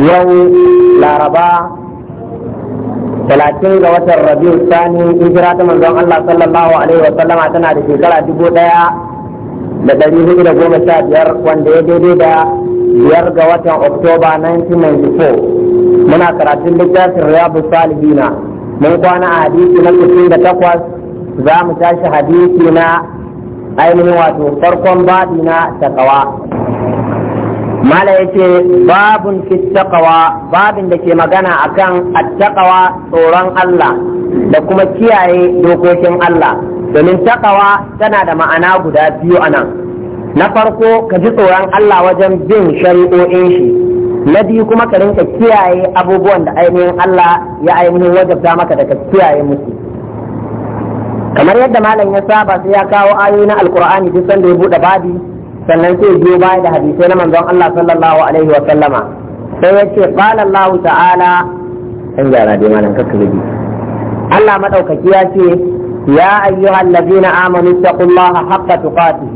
yau laraba talatin ga watan rabiu sani hijira ta manzon Allah sallallahu alaihi wa sallama tana da shekara dubu daya da dari hudu da goma sha biyar wanda ya daidai da biyar ga watan oktoba 1994 muna karatun littafin Riyabu salihina mun kwana a hadisi na kusin da takwas za mu tashi hadisi na ainihin wato farkon babi na takawa mala yake babun fi babin da ke magana akan attaqwa tsoron Allah da kuma kiyaye dokokin Allah domin taqwa tana da ma'ana guda biyu anan na farko ka ji tsoron Allah wajen bin shari'o'in shi na biyu kuma ka rinka kiyaye abubuwan da ainihin Allah ya ainihin wajabta maka da ka kiyaye musu kamar yadda malam ya saba sai ya kawo ayoyi na alkur'ani duk sanda ya bude babi sannan sai biyo baya da hadisai na manzon Allah sallallahu alaihi wa sallama sai ya ce qala Allah ta'ala an gyara dai malam kakkabi Allah madaukaki ya ce ya ayyuhal ladina amanu taqullaha haqqa tuqatih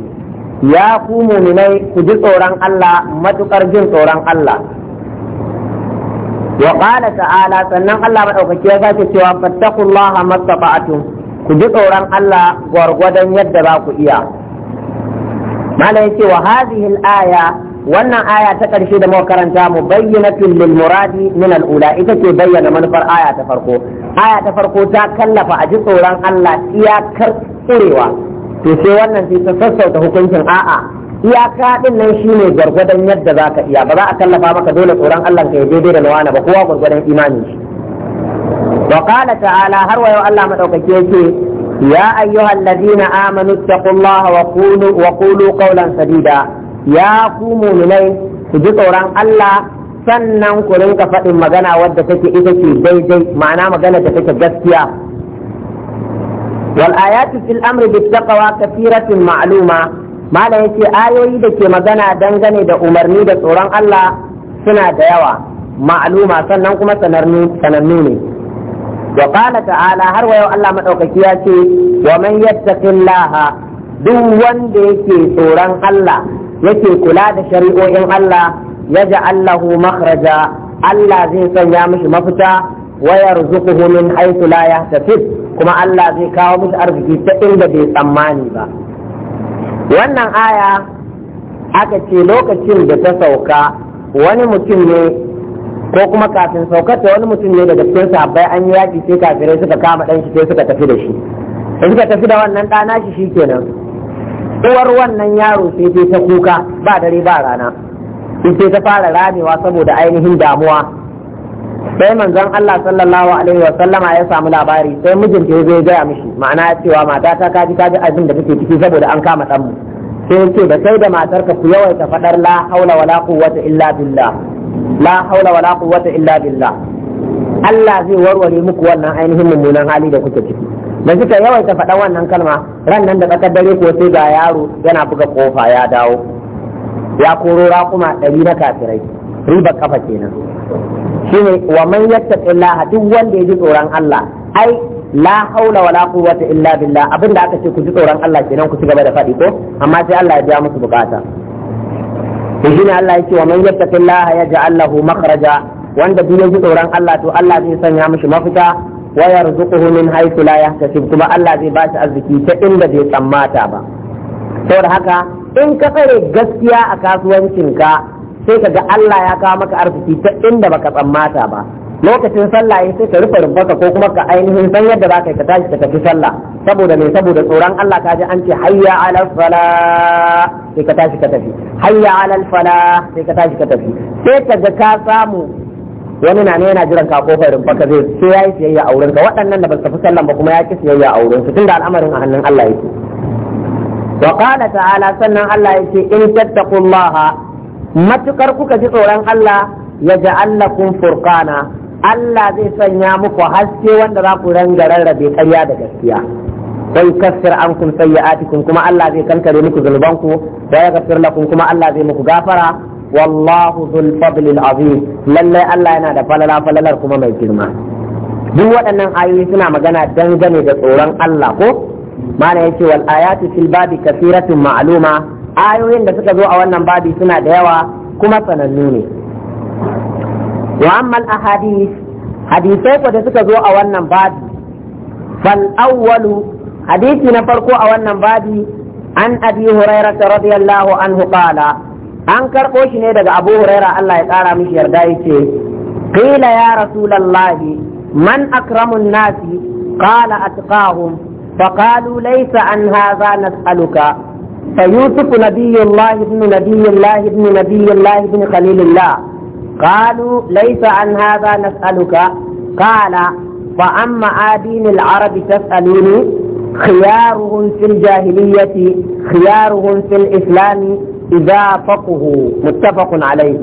ya ku mu'minai ku ji tsoron Allah matukar jin tsoron Allah wa qala ta'ala sannan Allah madaukaki ya sake cewa fattaqullaha mastata'tum ku ji tsoron Allah gwargwadon yadda za ku iya malam ce wa hadhihi al-aya wannan aya ta ƙarshe da muka karanta mu bayyana lil muradi min al ula ita ce bayyana manufar aya ta farko aya ta farko ta kallafa a ji tsoron Allah iyakar tsirewa to sai wannan sai ta sassauta hukuncin a'a iyaka din nan shine gwargwadon yadda zaka iya ba za a kallafa maka dole tsoron Allah ka daidai da lawana ba kowa gwargwadon imani shi wa qala ta'ala har wayo Allah madaukake yake يا أيها الذين آمنوا اتقوا الله وقولوا, وقولوا قولا سديدا يا قوموا إليه تجدوا ران الله sannan ku rinka faɗin magana wadda take ita ce daidai ma'ana magana da take gaskiya wal ayatu fil amri bit taqwa kathiratun ma'luma mala yace ayoyi da ke magana dangane da umarni da tsoron Allah suna da yawa ma'luma sannan kuma sanannu sanannu ne wa qala ta'ala har wa yau Allah madaukaki ya ce wa man yattaqillaha duk wanda yake tsoron Allah yake kula da shari'o'in Allah yaj'al lahu makhraja Allah zai sanya mishi mafita wa yarzuquhu min haythu la yahtasib kuma Allah zai kawo mishi arziki ta inda bai tsammani ba wannan aya aka ce lokacin da ta sauka wani mutum ne ko kuma kafin saukar da wani mutum ne daga cikin sahabbai an yi yaƙi sai kafirai suka kama ɗan shi sai suka tafi da shi sai suka tafi da wannan ɗana shi kenan. uwar wannan yaro sai dai ta kuka ba dare ba rana sai ta fara ramewa saboda ainihin damuwa sai manzon Allah sallallahu alaihi wa sallama ya samu labari sai mijinta ya zo ya gaya mishi ma'ana ya cewa mata ta kaji kaji abin da take ciki saboda an kama ɗanmu sai ya ce ba sai da matarka ku yawaita faɗar la haula wala quwwata illa billah la haula wala quwwata illa billah Allah zai warware muku wannan ainihin mummunan hali da kuke ciki da suka yawaita faɗa wannan kalma ran nan da tsakar dare ko sai ga yaro yana buga kofa ya dawo ya koro raƙuma ɗari na kafirai riba kafa kenan shine wa man yattaqillaha duk wanda ya ji tsoron Allah ai la haula wala quwwata illa billah abinda aka ce ku ji tsoron Allah kenan ku ci gaba da faɗi ko amma sai Allah ya biya musu bukata to shine Allah yake wa man ya yaj'al lahu makhraja wanda duk ya ji tsoron Allah to Allah zai sanya mishi mafita wa yarzuquhu min haythu la yahtasib kuma Allah zai bashi arziki ta inda bai tsammata ba saboda haka in ka tsare gaskiya a kasuwancinka sai ka ga Allah ya kawo maka arziki ta inda baka tsammata ba lokacin sallah ya sai ka rufe rumfarka ko kuma ka ainihin san yadda za ka yi ka tashi ka tafi sallah saboda me saboda tsoron Allah ka ji an ce hayya ala fala sai ka tashi ka tafi hayya ala fala sai ka tashi ka tafi sai ka ga ka samu wani na ne yana jiran ka kofar rumfarka zai sai yayi siyayya a wurinka waɗannan da ba su tafi sallan ba kuma ya ki siyayya a tun tunda al'amarin a hannun Allah yake wa qala ta'ala sannan Allah yake in tattaqullaha matukar kuka ji tsoron Allah ya ja'allakum furqana Allah zai sanya muku haske wanda za ku ranga rarrabe karya da gaskiya sai kassir an kun sayyatikum kuma Allah zai kankare muku zunubanku da ya gafir lakum kuma Allah zai muku gafara wallahu dhul fadli azim Lallai Allah yana da falala falalar kuma mai girma duk waɗannan ayoyi suna magana dangane da tsoron Allah ko mana yace wal ayatu fil babi kathiratun ma'aluma, ayoyin da suka zo a wannan babi suna da yawa kuma sanannu ne Muhammad amma al-ahadith hadisai ko suka zo a wannan babi fal awwalu hadisi na farko a wannan babi an abi hurairah ta anhu qala an karɓo shi ne daga abu hurairah Allah ya kara mishi yarda yace Ƙila ya rasulullahi man akramun nasi qala atqahum فقالوا ليس عن هذا نسألك فيوسف نبي الله ابن نبي الله ابن نبي الله ابن خليل الله قالوا ليس عن هذا نسألك قال فأما آدين العرب تسألوني خيارهم في الجاهلية خيارهم في الإسلام إذا فقه متفق عليه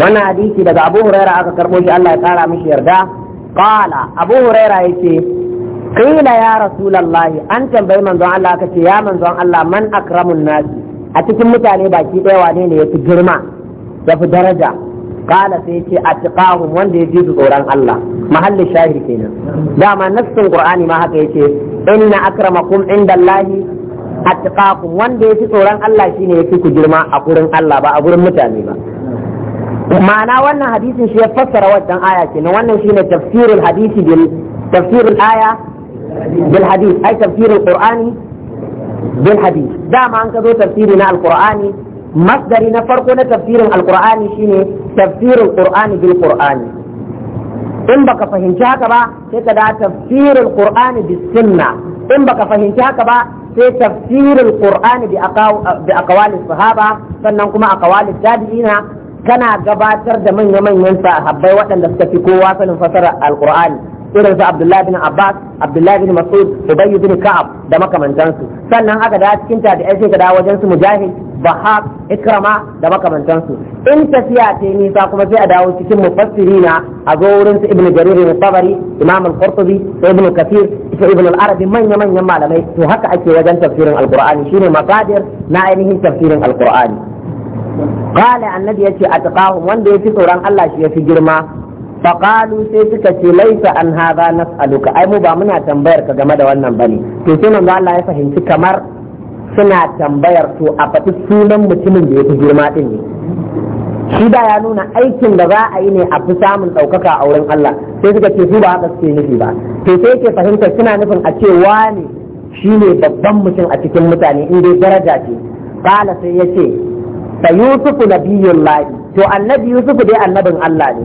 وانا حديثي لدى أبو هريرة أغا كربوشي الله تعالى مش يرده قال أبو هريرة يتي قيل يا رسول الله أنت بي من ذو الله كتي يا من ذو الله من أكرم الناس أتكم عليه باكي إيواني ليتي ya fi daraja kala sai ce a tiqahum wanda ya ji tsoron Allah mahallin shahir kenan dama nassin qur'ani ma haka yace inna akramakum indallahi atqakum wanda ya fi tsoron Allah shine ya fi ku girma a gurin Allah ba a gurin mutane ba ma'ana wannan hadisin shi ya fassara wannan aya kenan wannan shine tafsirul hadisi bil tafsirul aya bil hadis ai tafsirul qur'ani bil hadis dama an ka zo tafsiri na alqur'ani masdari na farko na tafsirin alqur'ani shine tafsirin qur'ani bil qur'ani in baka fahimci haka ba sai ka da tafsirin qur'ani bis sunna in baka fahimci haka ba sai tafsirin qur'ani bi aqwalis sahaba sannan kuma aqwalis tabi'ina kana gabatar da manya-manyan sahabbai waɗanda suka fi kowa sanin fasara alqur'ani irin su Abdullahi bin Abbas Abdullahi bin Mas'ud Ubay bin Ka'ab da makamantansu sannan aka da cikin ta da sai ka da wajen su Mujahid Bahab Ikrama da makamantansu in tafiya ce nisa kuma sai a dawo cikin mufassirina a zo wurin su Ibn Jarir bin Tabari Imam Al-Qurtubi Ibn Kathir Ibn Al-Arabi manya manyan malamai to haka ake wajen tafsirin Al-Qur'ani shine masadir na ainihin tafsirin Al-Qur'ani قال النبي يتي wanda ya دي tsoron Allah shi ya fi girma. faqalu sai suka ce laisa an haza nas'aluka ai mu ba muna tambayar ka game da wannan bane to sai manzo Allah ya fahimci kamar suna tambayar to a faɗi sunan mutumin da ya girma din ne shi da ya nuna aikin da za a yi ne a fi samun ɗaukaka a wurin Allah sai suka ce su ba haka suke nufi ba to sai yake fahimtar suna nufin a ce wani shi ne babban mutum a cikin mutane in dai daraja ce kala sai yace ce fa yusufu nabiyullahi to annabi yusufu dai annabin Allah ne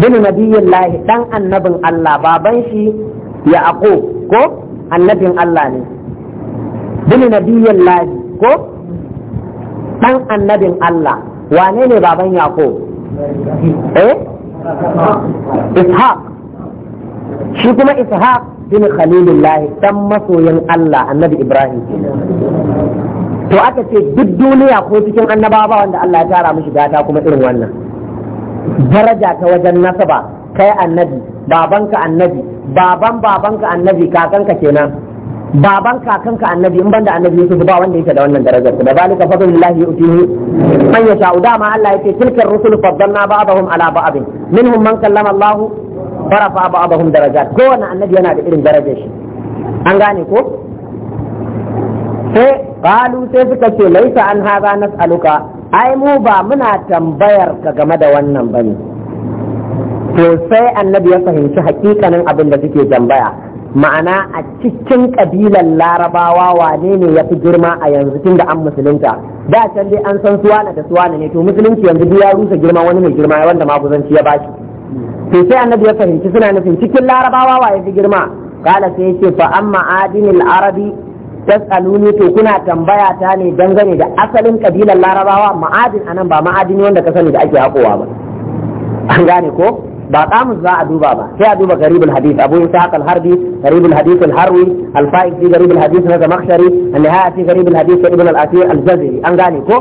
bin nabiyin lahi dan annabin Allah baban shi ya ako ko annabin Allah ne bin nabiyin lahi ko dan annabin Allah wane ne baban yaqub eh ishaq shi kuma ishaq bin khalilullah dan masoyin Allah annabi ibrahim to aka ce duk duniya ko cikin annabawa wanda Allah ya tara mishi gata kuma irin wannan daraja ta wajen nasaba kai annabi babanka annabi baban babanka annabi kakanka kenan baban kakanka annabi in banda annabi Yusuf ba wanda yake da wannan darajar da zalika fadlullahi yu'tihi man yasha dama Allah yake tilkar rusul faddalna ba'dahum ala ba'd minhum man kallama Allah farafa ba'dahum darajat wannan annabi yana da irin darajar shi an gane ko sai qalu sai suka ce laisa an hada nas'aluka ai mu ba muna tambayar ka game da wannan ne to sai annabi ya fahimci hakikanin abin da suke tambaya ma'ana a cikin kabilan larabawa wane ne ya fi girma a yanzu tun da an musulunta da can dai an san suwana da suwana ne to musulunci yanzu ya rusa girma wani mai girma wanda maguzanci ya bashi to sai annabi ya fahimci suna nufin cikin larabawa wa ya fi girma kala sai ya ce fa amma adinil arabi tas'aluni to kuna tambaya ta ne dangane da asalin kabilar larabawa ma'adin anan ba ma'adini wanda ka sani da ake haƙowa ba an gane ko ba kamus za a duba ba sai a duba garibul hadith abu ishaq al-harbi garibul hadith al-harwi al-fa'id fi garibul hadith na zamakhshari al nihaya fi garibul hadith ibn al-asir al-jazari an gane ko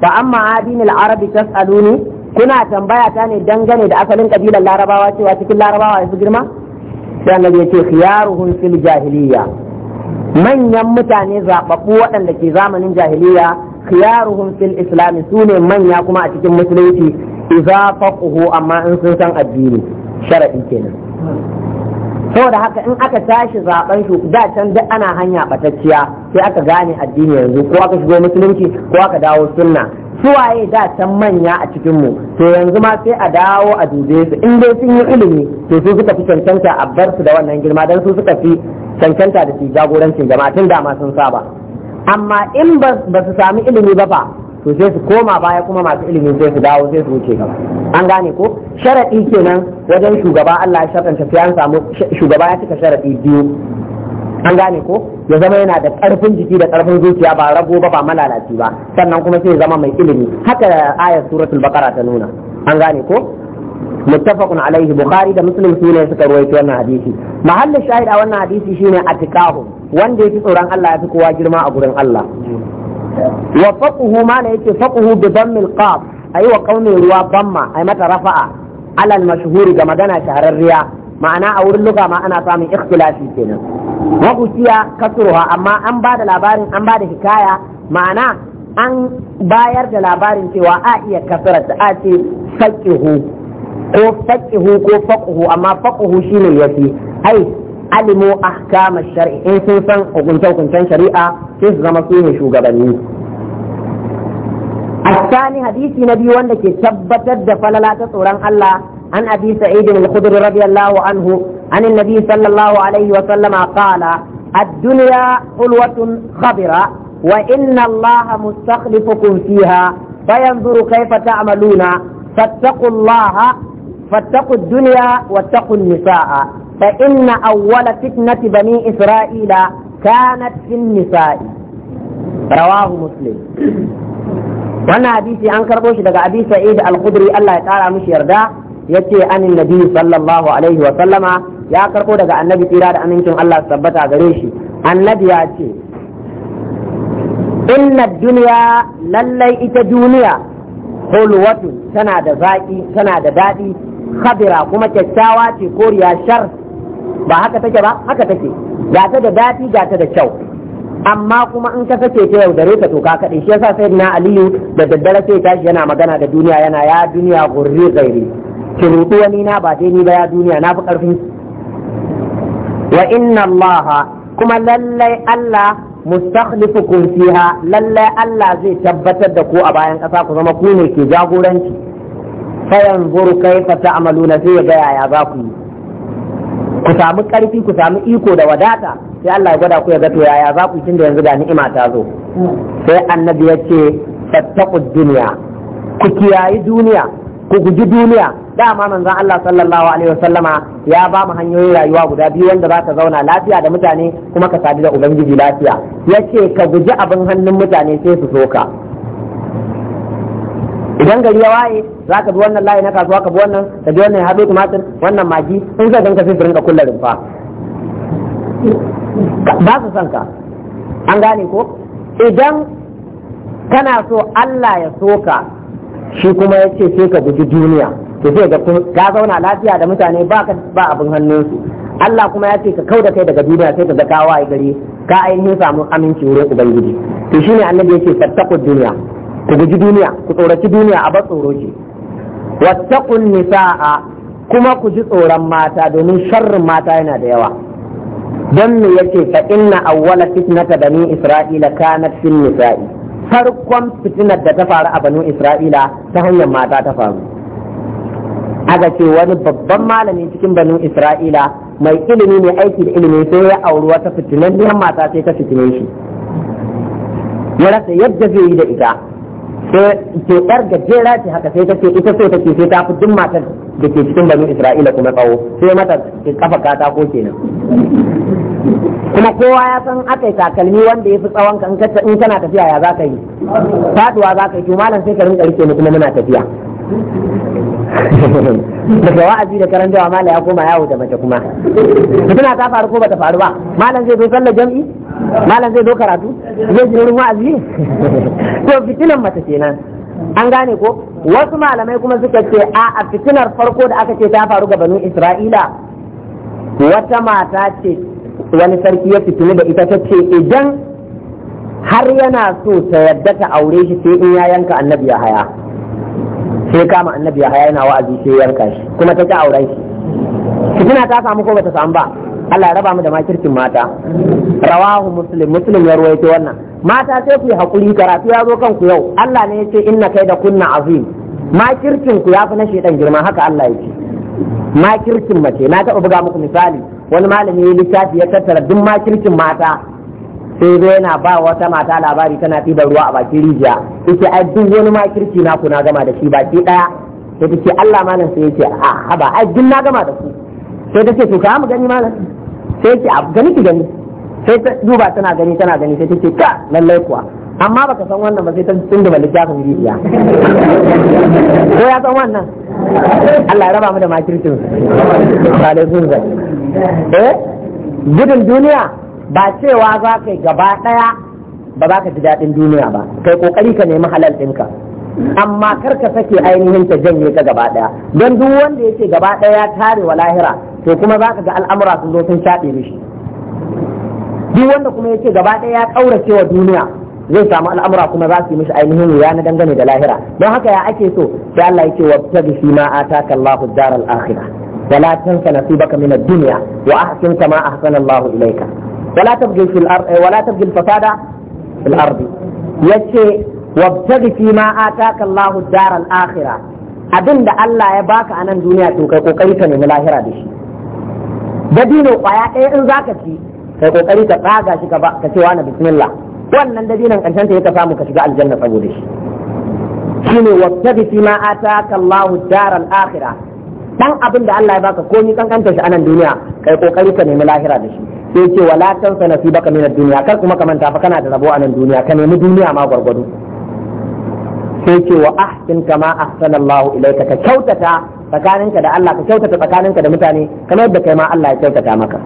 fa an ma'adin al-arabi tas'aluni kuna tambaya ta ne dangane da asalin kabilar larabawa cewa cikin larabawa ya fi girma sai annabi ya ce khiyaruhum fil jahiliya manyan mutane zaɓaɓɓu waɗanda ke zamanin jahiliya khiyaruhum fil islami su ne manya kuma a cikin musulunci idza faqahu amma in sun san addini sharadi kenan saboda haka in aka tashi zaben shi da can duk ana hanya batacciya sai aka gane addini yanzu ko aka shigo musulunci ko aka dawo sunna suwaye da can manya a cikin mu to yanzu ma sai a dawo a dube su in dai sun yi ilimi to su suka fi cancanta a bar su da wannan girma dan su suka fi cancanta da su jagorancin jama'a tun dama sun saba amma in ba su sami ilimi ba fa to sai su koma baya kuma masu ilimi sai su dawo sai su wuce gaba an gane ko sharadi kenan wajen shugaba Allah ya sharanta sai an samu shugaba ya cika sharadi biyu an gane ko ya zama yana da karfin jiki da karfin zuciya ba rago ba ba malalaci ba sannan kuma sai ya zama mai ilimi haka ayar suratul baqara ta nuna an gane ko muttafaqun alaihi bukhari da muslim su ne suka ruwaito wannan hadisi mahallin shahid a wannan hadisi shine atikahu wanda yake tsoron Allah ya fi kowa girma a gurin Allah wa faquhu ma ne yake faquhu bi dammil qaf ayi wa qaumi ruwa bamma ai mata rafa'a alal mashhuri ga magana shahararriya ma'ana a wurin luga ana samun ikhtilafi kenan wa kusiya amma an ba da labarin an ba hikaya ma'ana an bayar da labarin cewa a iya kasarar da a ce "Faƙihu". ko faƙihu ko faƙuhu amma faƙuhu shi ne ya fi ai alimu ahkama shari'a in sun san hukunce shari'a sai su zama su shugabanni a sani hadisi na biyu wanda ke tabbatar da falala ta tsoron allah an abi sa'idin al-khudri anhu an annabi sallallahu alaihi wa sallama qala ad-dunya ulwatun khabira wa inna allaha mustakhlifukum fiha fayanzuru kayfa ta'maluna فاتقوا الله fattaqu dunya wattaqu nisaa fa inna awwala fitnati bani isra'ila kanat fin nisa'i rawahu muslim wannan hadisi an karbo shi daga abi sa'id al-khudri Allah ya kara mishi yarda yace anin nabi sallallahu alaihi wa sallama ya karbo daga annabi tsira da amincin Allah tabbata gare shi annabi ya ce inna duniya lallai ita duniya hulwatu tana da zaƙi, tana da daɗi. khabira kuma kyakkyawa ce koriya shar ba haka take ba haka take ga ta da daɗi ga ta da kyau amma kuma in ka sake ta yaudare ka to ka kaɗe shi yasa sai na aliyu da daddare sai tashi yana magana da duniya yana ya duniya gurri gairi ki wani na ba dai ni ba ya duniya na fi ƙarfin wa inna Allah kuma lallai Allah mustakhlifukum fiha lallai Allah zai tabbatar da ku a bayan ƙasa ku zama ku ne ke jagoranci fayanzuru kaifa ta'maluna sai ya ga yaya za ku yi ku samu karfi ku samu iko da wadata sai Allah ya gwada ku ya ga to yaya za ku tun da yanzu ga ni'ima ta zo sai annabi ya ce fattaqud dunya ku kiyayi duniya ku guji duniya dama manzon Allah sallallahu alaihi wasallama ya ba mu hanyoyin rayuwa guda biyu wanda za ka zauna lafiya da mutane kuma ka sadu da ubangiji lafiya yace ka guji abin hannun mutane sai su soka idan gari ya waye za ka bi wannan layi na kasuwa ka bi wannan ka bi wannan haɗo tumatir wannan magi in ka sai rinka kulla rumfa ba su son ka an gane ko idan kana so Allah ya so ka shi kuma ya ce sai ka guji duniya to ce ga ka zauna lafiya da mutane ba ka ba abin hannunsu Allah kuma ya ce ka kauda kai daga duniya sai ka zaka kawa gari ka ainihin samu aminci wurin ubangiji to shine annabi yake fattaqu duniya ku guji duniya ku tsoraci duniya a bar tsoroci. wattaqun nisaa kuma ku ji tsoron mata domin sharrin mata yana da yawa don me yake fa inna awwala fitnata bani isra'ila kanat fil nisa'i farkon fitinar da ta faru a banu isra'ila ta hanyar mata ta faru aga ce wani babban malami cikin banu isra'ila mai ilimi ne aiki da ilimi sai ya auri wata fitinan mata sai ta fitine shi ya rasa yadda zai yi da ita sai ke yar gajera ce haka sai take ita so take sai ta fi duk matar da ke cikin bani Isra'ila kuma tsawo sai mata kafa katako kenan kuma kowa ya san aka yi takalmi wanda ya fi tsawon ka in kana tafiya ya za ka yi faduwa za ka yi to malam sai ka rinka rike mu kuma muna tafiya daga wa'azi da karantawa malam ya koma yawo da mace kuma fitina ta faru ko bata faru ba malam zai zo sallar jam'i malam zai zo karatu zai ji wurin wa'azi to fitinan mace kenan an gane ko wasu malamai kuma suka ce a fitinar farko da aka ce ta faru ga banu isra'ila wata mata ce wani sarki ya fitini da ita ta ce idan har yana so ta yadda ta aure shi sai in ya yanka annabi ya haya sai kama annabi ya haya yana wa'azi sai yanka shi kuma ta ci auren shi fitina ta samu ko bata samu ba Allah ya raba mu da makircin mata rawahu muslim muslim ya ruwaito wannan mata sai ku yi hakuri karatu ya zo kanku yau Allah ne ya ce inna kai da kunna azim makircin ku ya fi na shedan girma haka Allah ya ce makircin mace na taɓa buga muku misali wani malami ya littafi ya tattara duk makircin mata sai zai yana ba wata mata labari tana da ruwa a bakin rijiya yace ai duk wani makirci na ku na gama da shi baki ɗaya sai ta ce Allah malam sai yace a haba ai duk na gama da su sai ta ce to ka mu gani malam sai yace a gani ki gani sai ta duba tana gani tana gani sai ta ce ka lallai kuwa amma baka san wannan ba sai ta tunda ba littafin rijiya ko ya san wannan Allah ya raba mu da makircin ba da zunza eh gudun duniya ba cewa za ka gaba daya ba za ka ji daɗin duniya ba kai kokari ka nemi halal ka. amma kar ka sake ainihin ta janye ka gaba daya don duk wanda yake gaba daya ya tare wa lahira to kuma za ka ga al'amura sun zo sun shaɗe mishi duk wanda kuma yake gaba daya ya ƙaurace wa duniya zai samu al'amura kuma za su yi mishi ainihin wuya na dangane da lahira don haka ya ake so sai Allah yake wa tabi fi ma ataka Allahu daral akhirah wala tansa nasibaka min ad-dunya wa ahsin kama ahsana Allahu ilayka wala tabghi fil ard eh, wala tabghi al-fasada fil ard yace wa tabi fi ma ataka Allahu daral akhirah abinda Allah ya baka a nan duniya to kai kokari ka nemi lahira da shi dabino kwaya ɗaya in zaka ci kai kokari ka tsaga shi ka ce wani bismillah wannan dabinan ƙarshen ta yaka samu ka shiga aljanna saboda shi shine wattabi fi ma ataka Allahu al akhirah dan abin da Allah ya baka komai kankanta shi a duniya kai kokari ka nemi lahira da shi sai ce wala tansa nasibaka min ad-dunya kar kuma ka manta fa kana da rabo a duniya ka nemi duniya ma gwargwado sai ce wa ahsin kama ahsana Allahu ilayka ka kyautata tsakaninka da Allah ka kyautata tsakaninka da mutane kamar yadda kai ma Allah ya kyautata maka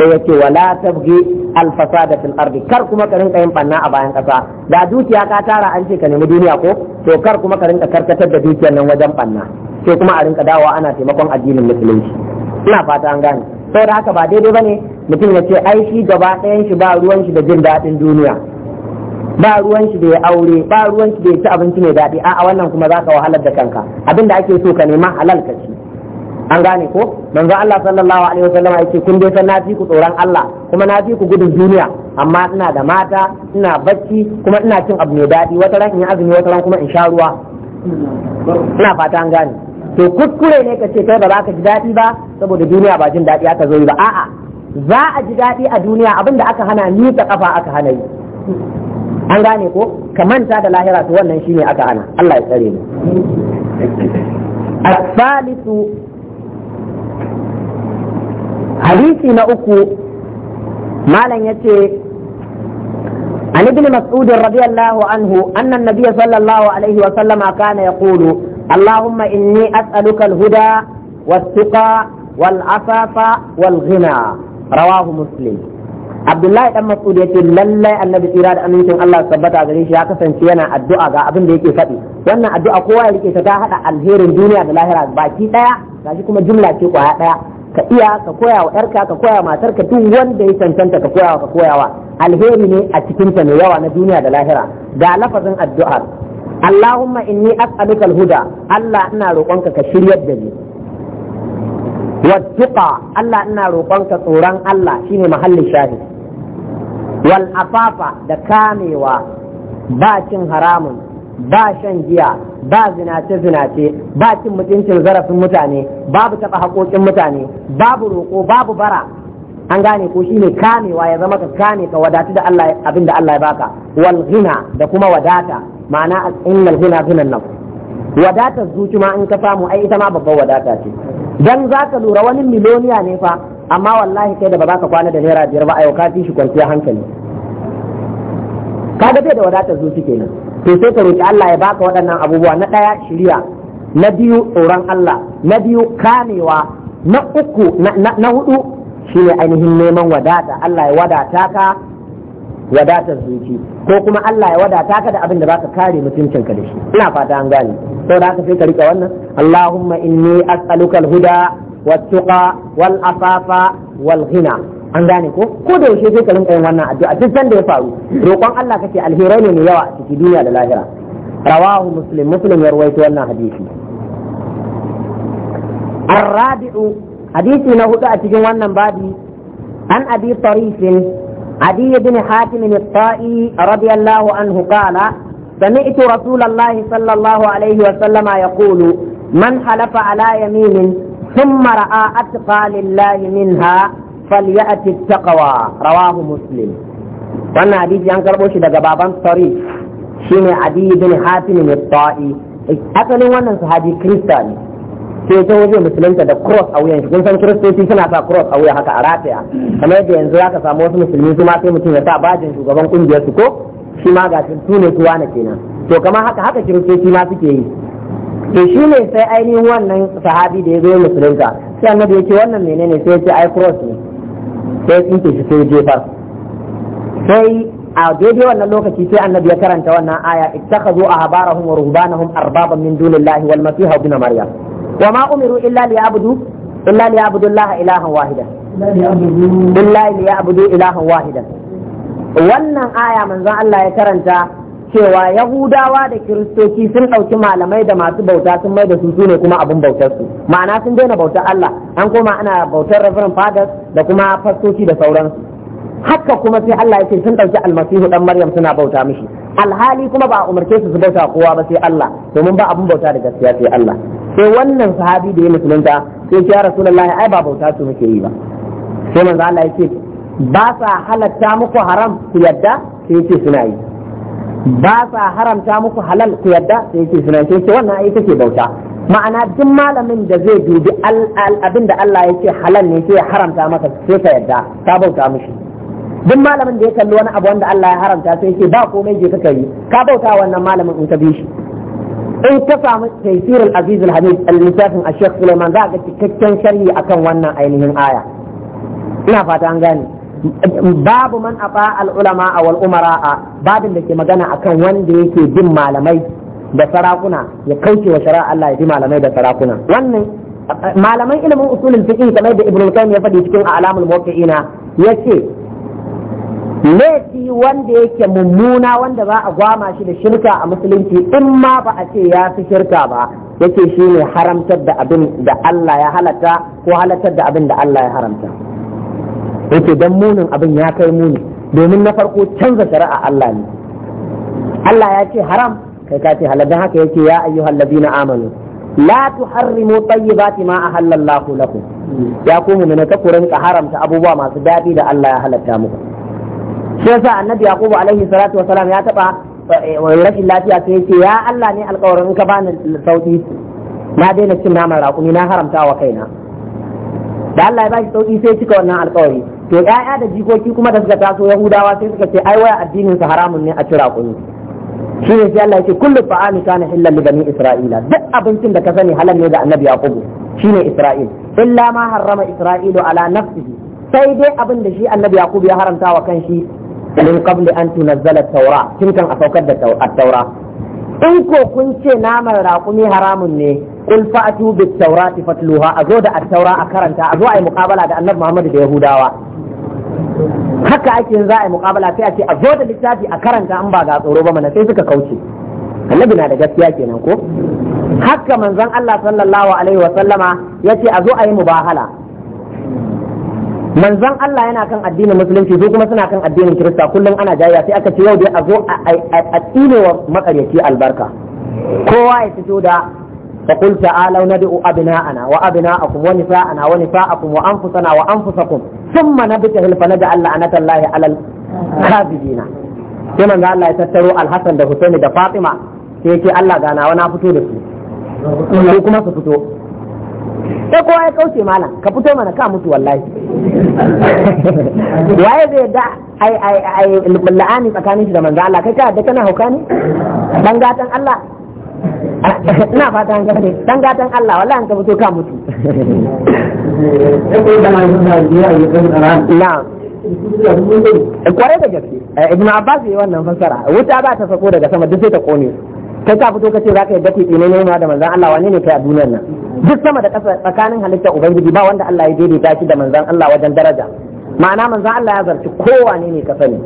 sai ya ce wala tabgi alfasada fil ardi kar kuma ka rinka yin banna a bayan kasa da dukiya ka tara an ce ka nemi duniya ko to kar kuma ka rinka karkatar da dukiyar nan wajen banna sai kuma a rinka dawowa ana taimakon addinin musulunci ina fata an gane sai da haka ba daidai bane mutum ya ce ai shi gaba ɗayan shi ba ruwan shi da jin daɗin duniya ba ruwan shi da ya aure ba ruwan shi da ya ci abinci mai daɗi a'a wannan kuma zaka wahalar da kanka abinda ake so ka nema halal ka ci an gane ko manzo Allah sallallahu alaihi wasallam yake kun dai san nafi ku tsoron Allah kuma nafi ku gudun duniya amma ina da mata ina bacci kuma ina cin abu mai dadi wata ran in azumi wata ran kuma in sha ruwa ina fata an gane to kuskure ne ka ce kai ba za ka ji dadi ba saboda duniya ba jin dadi aka zo yi ba a'a za a ji dadi a duniya abin da aka hana ni ta kafa aka hana yi an gane ko ka manta da lahira to wannan shine aka hana Allah ya tsare mu الثالث hadisi na uku malam ya ce عن ابن مسعود رضي الله عنه أن النبي صلى الله عليه وسلم كان يقول اللهم إني أسألك الهدى والتقى والعفاف والغنى رواه مسلم عبد الله بن مسعود يقول لله النبي إراد أن يكون الله ثبت على يا كسن شينا الدعاء غا أبن ديك فدي وأن الدعاء قوة لك تتاهد الهير الدنيا بالآخرة باكي تايا لكن كما جملة تقوى تايا ka iya ka koya wa yarka ka koya matarka duk wanda ya cancanta ka koya ka koyawa alheri ne a cikin ta mai yawa na duniya da lahira ga lafazin addu'a Allahumma inni as'aluka al-huda Allah ina roƙonka ka shiryar da ni wattuqa Allah ina roƙonka tsoron Allah shine mahallin shahid wal afafa da kamewa ba cin haramun ba shan giya ba zinace zinace ba cin mutuncin zarafin mutane babu taba hakokin mutane babu roƙo babu bara an gane ko ne kamewa ya zama ka kame ka wadatu da Allah abin da Allah ya baka wal ghina da kuma wadata ma'ana innal ghina ghina nafs wadatar zuci ma in ka samu ai ita ma babbar wadata ce dan zaka lura wani miloniya ne fa amma wallahi kai da ba ka kwana da naira biyar ba a yau ka fi shi kwanciyar hankali kaga bai da wadatar zuci kenan to sai ka roki Allah ya baka waɗannan abubuwa na ɗaya shiriya na biyu tsoron Allah na biyu kamewa na uku na hudu shine ainihin neman wadata Allah ya wadata ka wadatar zuci ko kuma Allah ya wadata ka da abin da baka kare mutuncinka da shi ina fata an gane da haka sai ka rika wannan Allahumma inni as'aluka al-huda wat-tuqa wal-afafa wal-ghina an gane ko ko da yaushe sai ka rinka yin wannan addu'a duk sanda ya faru roƙon Allah kake alherai ne mai yawa a cikin duniya da lahira rawahu muslim muslim ya rawaito wannan hadisi الرابع حديث نهض أتجن ونن بادي عن أبي طريف عدي بن حاتم الطائي رضي الله عنه قال سمعت رسول الله صلى الله عليه وسلم يقول من حلف على يمين ثم رأى أتقى لله منها falyati taqwa rawahu muslim wannan hadisi an karbo shi daga baban sari shine adi ibn hatim al-ta'i asalin wannan sahabi krista ne sai ta waje musulunta da cross a wuyan shi kun san kristoci suna sa cross a wuya haka a rataya kamar yadda yanzu zaka samu wasu musulmi su ma sai mutum ya sa bajin shugaban kungiyar su ko shi ma ga shi tune su wani kenan to kamar haka haka kristoci ma suke yi to shi ne sai ainihin wannan sahabi da ya zo musulunta sai annabi ya ce wannan menene sai ya ce ai cross ne sai tsinke shi sai jefa sai a daidai wannan lokaci sai annabi ya karanta wannan aya ittakhadhu ahbarahum wa ruhbanahum arbaban min dunillahi wal masiha ibn maryam wa ma umiru illa liya'budu illa liya'budu allaha ilahan wahida illa liya'budu ilahan wahida wannan aya manzon Allah ya karanta cewa yahudawa da kiristoci sun ɗauki malamai da masu bauta sun mai da su sune kuma abin bautar su ma'ana sun daina bautar Allah an koma ana bautar reverend fathers da kuma fastoci da sauransu haka kuma sai Allah yake sun ɗauki almasihu dan maryam suna bauta mishi alhali kuma ba a umarce su su bauta kowa ba sai Allah domin ba abin bauta da gaskiya sai Allah sai wannan sahabi da ya musulunta sai ya rasulullahi ai ba bauta su muke yi ba sai manzo Allah yake ba sa halatta muku haram ku yadda sai yake suna yi ba sa haramta muku halal ku yadda sai yake sunan sai wannan ai take bauta ma'ana duk malamin da zai dubi abin da Allah ya ce halal ne sai ya haramta masa sai ka yadda ka bauta mishi duk malamin da ya kalli wani abu wanda Allah ya haramta sai ce ba komai je ka yi ka bauta wannan malamin in ka bi shi in ka samu tafsir al-aziz al-hamid al-misafin al-sheikh Sulaiman za ka cikakken sharhi akan wannan ainihin aya ina fata an gane babu man aba al-ulama wal umara babin da ke magana akan wanda yake bin malamai da sarakuna ya kauce wa shari'a Allah ya bi malamai da sarakuna wannan malaman ilimin usulin fiqh kamar da Ibn Qayyim ya faɗi cikin alamul muwaqqi'ina yace laifi wanda yake mummuna wanda za a gwama shi da shirka a musulunci in ma ba a ce ya fi shirka ba yake shi ne haramtar da abin da Allah ya halatta ko halatar da abin da Allah ya haramta yake dan munin abin ya kai muni domin na farko canza shari'a Allah ne Allah ya ce haram kai ka ce halal haka yake ya ayyuhal ladina amanu la tuharrimu tayyibati ma ahalla lakum ya ku mu'mina ta kurin ka haramta abubuwa masu dadi da Allah ya halatta muku shi yasa annabi yaqubu alaihi salatu wasalam ya taba eh, eh, rashin lafiya sai yake ya Allah ne alƙawarin in ka bani sauki na daina cin naman raƙumi na haramta wa kaina da Allah ya shi sauki sai cika wannan alƙawari to ƴaƴa da jikoki kuma da suka taso yahudawa sai suka ce ai waya addinin su haramun ne a cira kuni shi ne sai Allah ya ce kullu ta'ami kana halal li bani isra'ila duk abincin da ka sani halal ne ga annabi yaqub shine isra'il illa ma harrama isra'ilu ala nafsihi sai dai abin da shi annabi yaqub ya haramta wa kanshi min qabli an tunazzala at-taura tun kan a saukar da at-taura in ko kun ce naman raƙumi haramun ne kul fa'atu bit taurati fatluha a zo da at-taura a karanta a zo a yi muqabala da annabi Muhammad da Yahudawa haka ake yin za a yi muƙabala sai a ce a zo da littafi a karanta an ba ga tsoro ba mana sai suka kauce annabi na da gaskiya kenan ko haka manzon Allah sallallahu alaihi wa sallama yace a zo a yi mubahala manzon Allah yana kan addinin musulunci su kuma suna kan addinin kirista kullum ana jayya sai aka ce yau dai a zo a wa makaryaci albarka kowa ya fito da wa wa wa تعالوا ندعو أبناءنا وأبناءكم ونساءنا ونساءكم وأنفسنا وأنفسكم ثم Allah فنجعل لعنة الله على الكاذبين sai manzo Allah ya tattaro Alhassan da Husaini da Fatima sai yake Allah gana wa na fito da su su kuma su fito sai kowa ya kauce malam ka fito mana ka mutu wallahi waye zai da ai ai ai la'ani tsakanin shi da manzo Allah kai ka da kana hauka ne dan gatan Allah ina fata an gane dan gatan Allah wallahi ka fito ka mutu na'am kware da gaske eh, ibn abbas yi wannan fassara wuta ba ta sako daga sama duk sai ta kone kai ka fito kace zaka yadda dafi ne ne da manzon Allah wane ne kai a duniyar nan duk sama da ƙasa tsakanin halittar ubangiji ba wanda Allah ya daidaita shi da manzan Allah wajen daraja ma'ana manzon Allah ya zarci kowane ne ka sani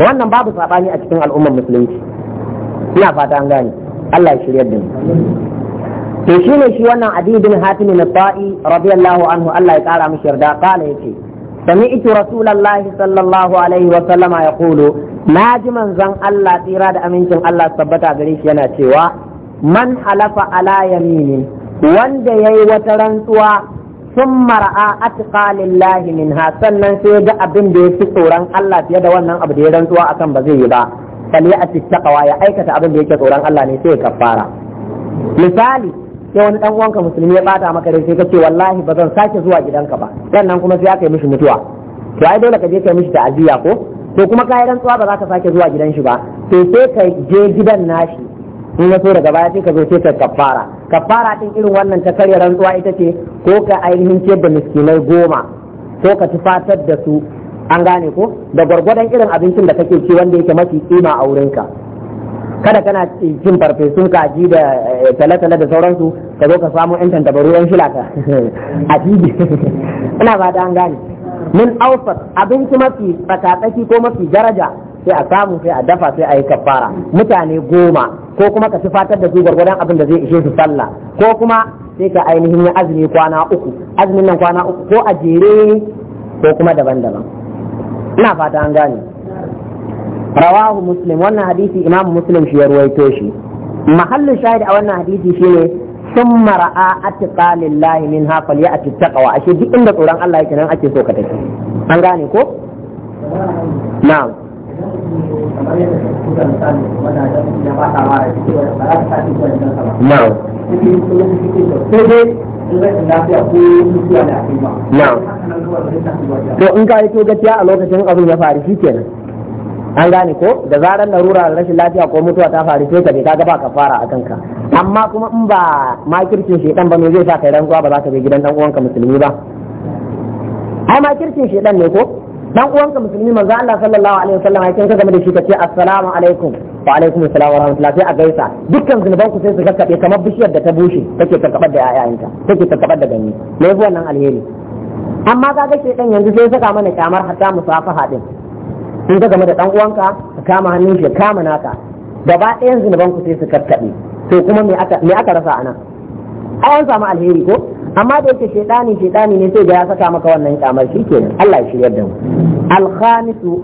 wannan babu sabani a cikin al'ummar musulunci ina fata an gane Allah ya shirya da to shine shi wannan adidin bin na ta'i radiyallahu anhu Allah ya kara mishi yarda ya yace سمعت رسول الله صلى الله عليه وسلم يقول ناجي من زن الله تيرا دا أمينتين الله ثبتا غريش ينا تيوا من حلف على يمين وان دا يوترنسوا ثم رأى أتقى لله منها سنن سيدا أبن دي سوران الله تيدا وانا أبدي رنسوا أكم بزيبا فليأتي التقوى يا أيكة أبن دي سوران الله نسيه كفارا مثالي sai wani dan uwanka musulmi ya bata maka rai sai ka ce wallahi ba zan sake zuwa gidanka ba sannan kuma sai aka yi mishi mutuwa to ai dole ka je ka yi mishi ta'aziyya ko to kuma ka yi rantsuwa ba za ka sake zuwa gidan shi ba to sai ka je gidan nashi in ya so daga baya sai ka zo sai ka kafara kafara din irin wannan ta karya rantsuwa ita ce ko ka ainihin ce da miskinai goma ko ka tufatar da su an gane ko da gwargwadon irin abincin da kake ci wanda yake mafi kima a wurinka kada kana cin farfesun kaji da eh, talatala da sauransu ka zo ka samu yan tantabaru yan shilaka a jibi ina fata an gane min aufar abinci mafi tsakatsaki ko mafi daraja sai a samu sai a dafa sai a yi kafara mutane goma ko kuma ka fi fatar da su gwargwadon abin da zai ishe su sallah ko kuma sai ka ainihin yi azumi kwana uku azumin nan kwana uku ko a jere ko kuma daban-daban ina fata an gane rawahu muslim wannan hadisi imam muslim shi ya ruwaito shi mahallin shahid a wannan hadisi shine sun mara'a atiqa min hafal ya ati taqwa ashe duk inda tsoron Allah yake nan ake so ka to in ka yi to gaciya a lokacin abin ya faru shi kenan an gane ko da zarar larura da rashin lafiya ko mutuwa ta faru sai ka je kaga ba fara a kanka amma kuma in ba makircin shedan ba me zai sa kai rantsuwa ba za ka je gidan dan uwanka musulmi ba ai makircin shedan ne ko dan uwanka musulmi manzo Allah sallallahu alaihi wasallam ai kin ka game da shi kace assalamu alaikum wa alaikum assalam wa rahmatullahi sai a gaisa dukkan zunuban ku sai su kakkabe kamar bishiyar da ta bushe take kakkabar da ayayanta take kakkabar da ganye zuwan nan alheri amma kaga shedan yanzu sai saka mana kyamar hatta musafaha din in ka game da dan uwanka ka kama hannun shi kama naka gaba yanzu na ku sai su kakkaɓe to kuma me aka rasa a rasa a ai an samu alheri ko amma da yake shedani shedani ne sai da ya saka maka wannan kamar shikenan Allah ya shiryar da mu al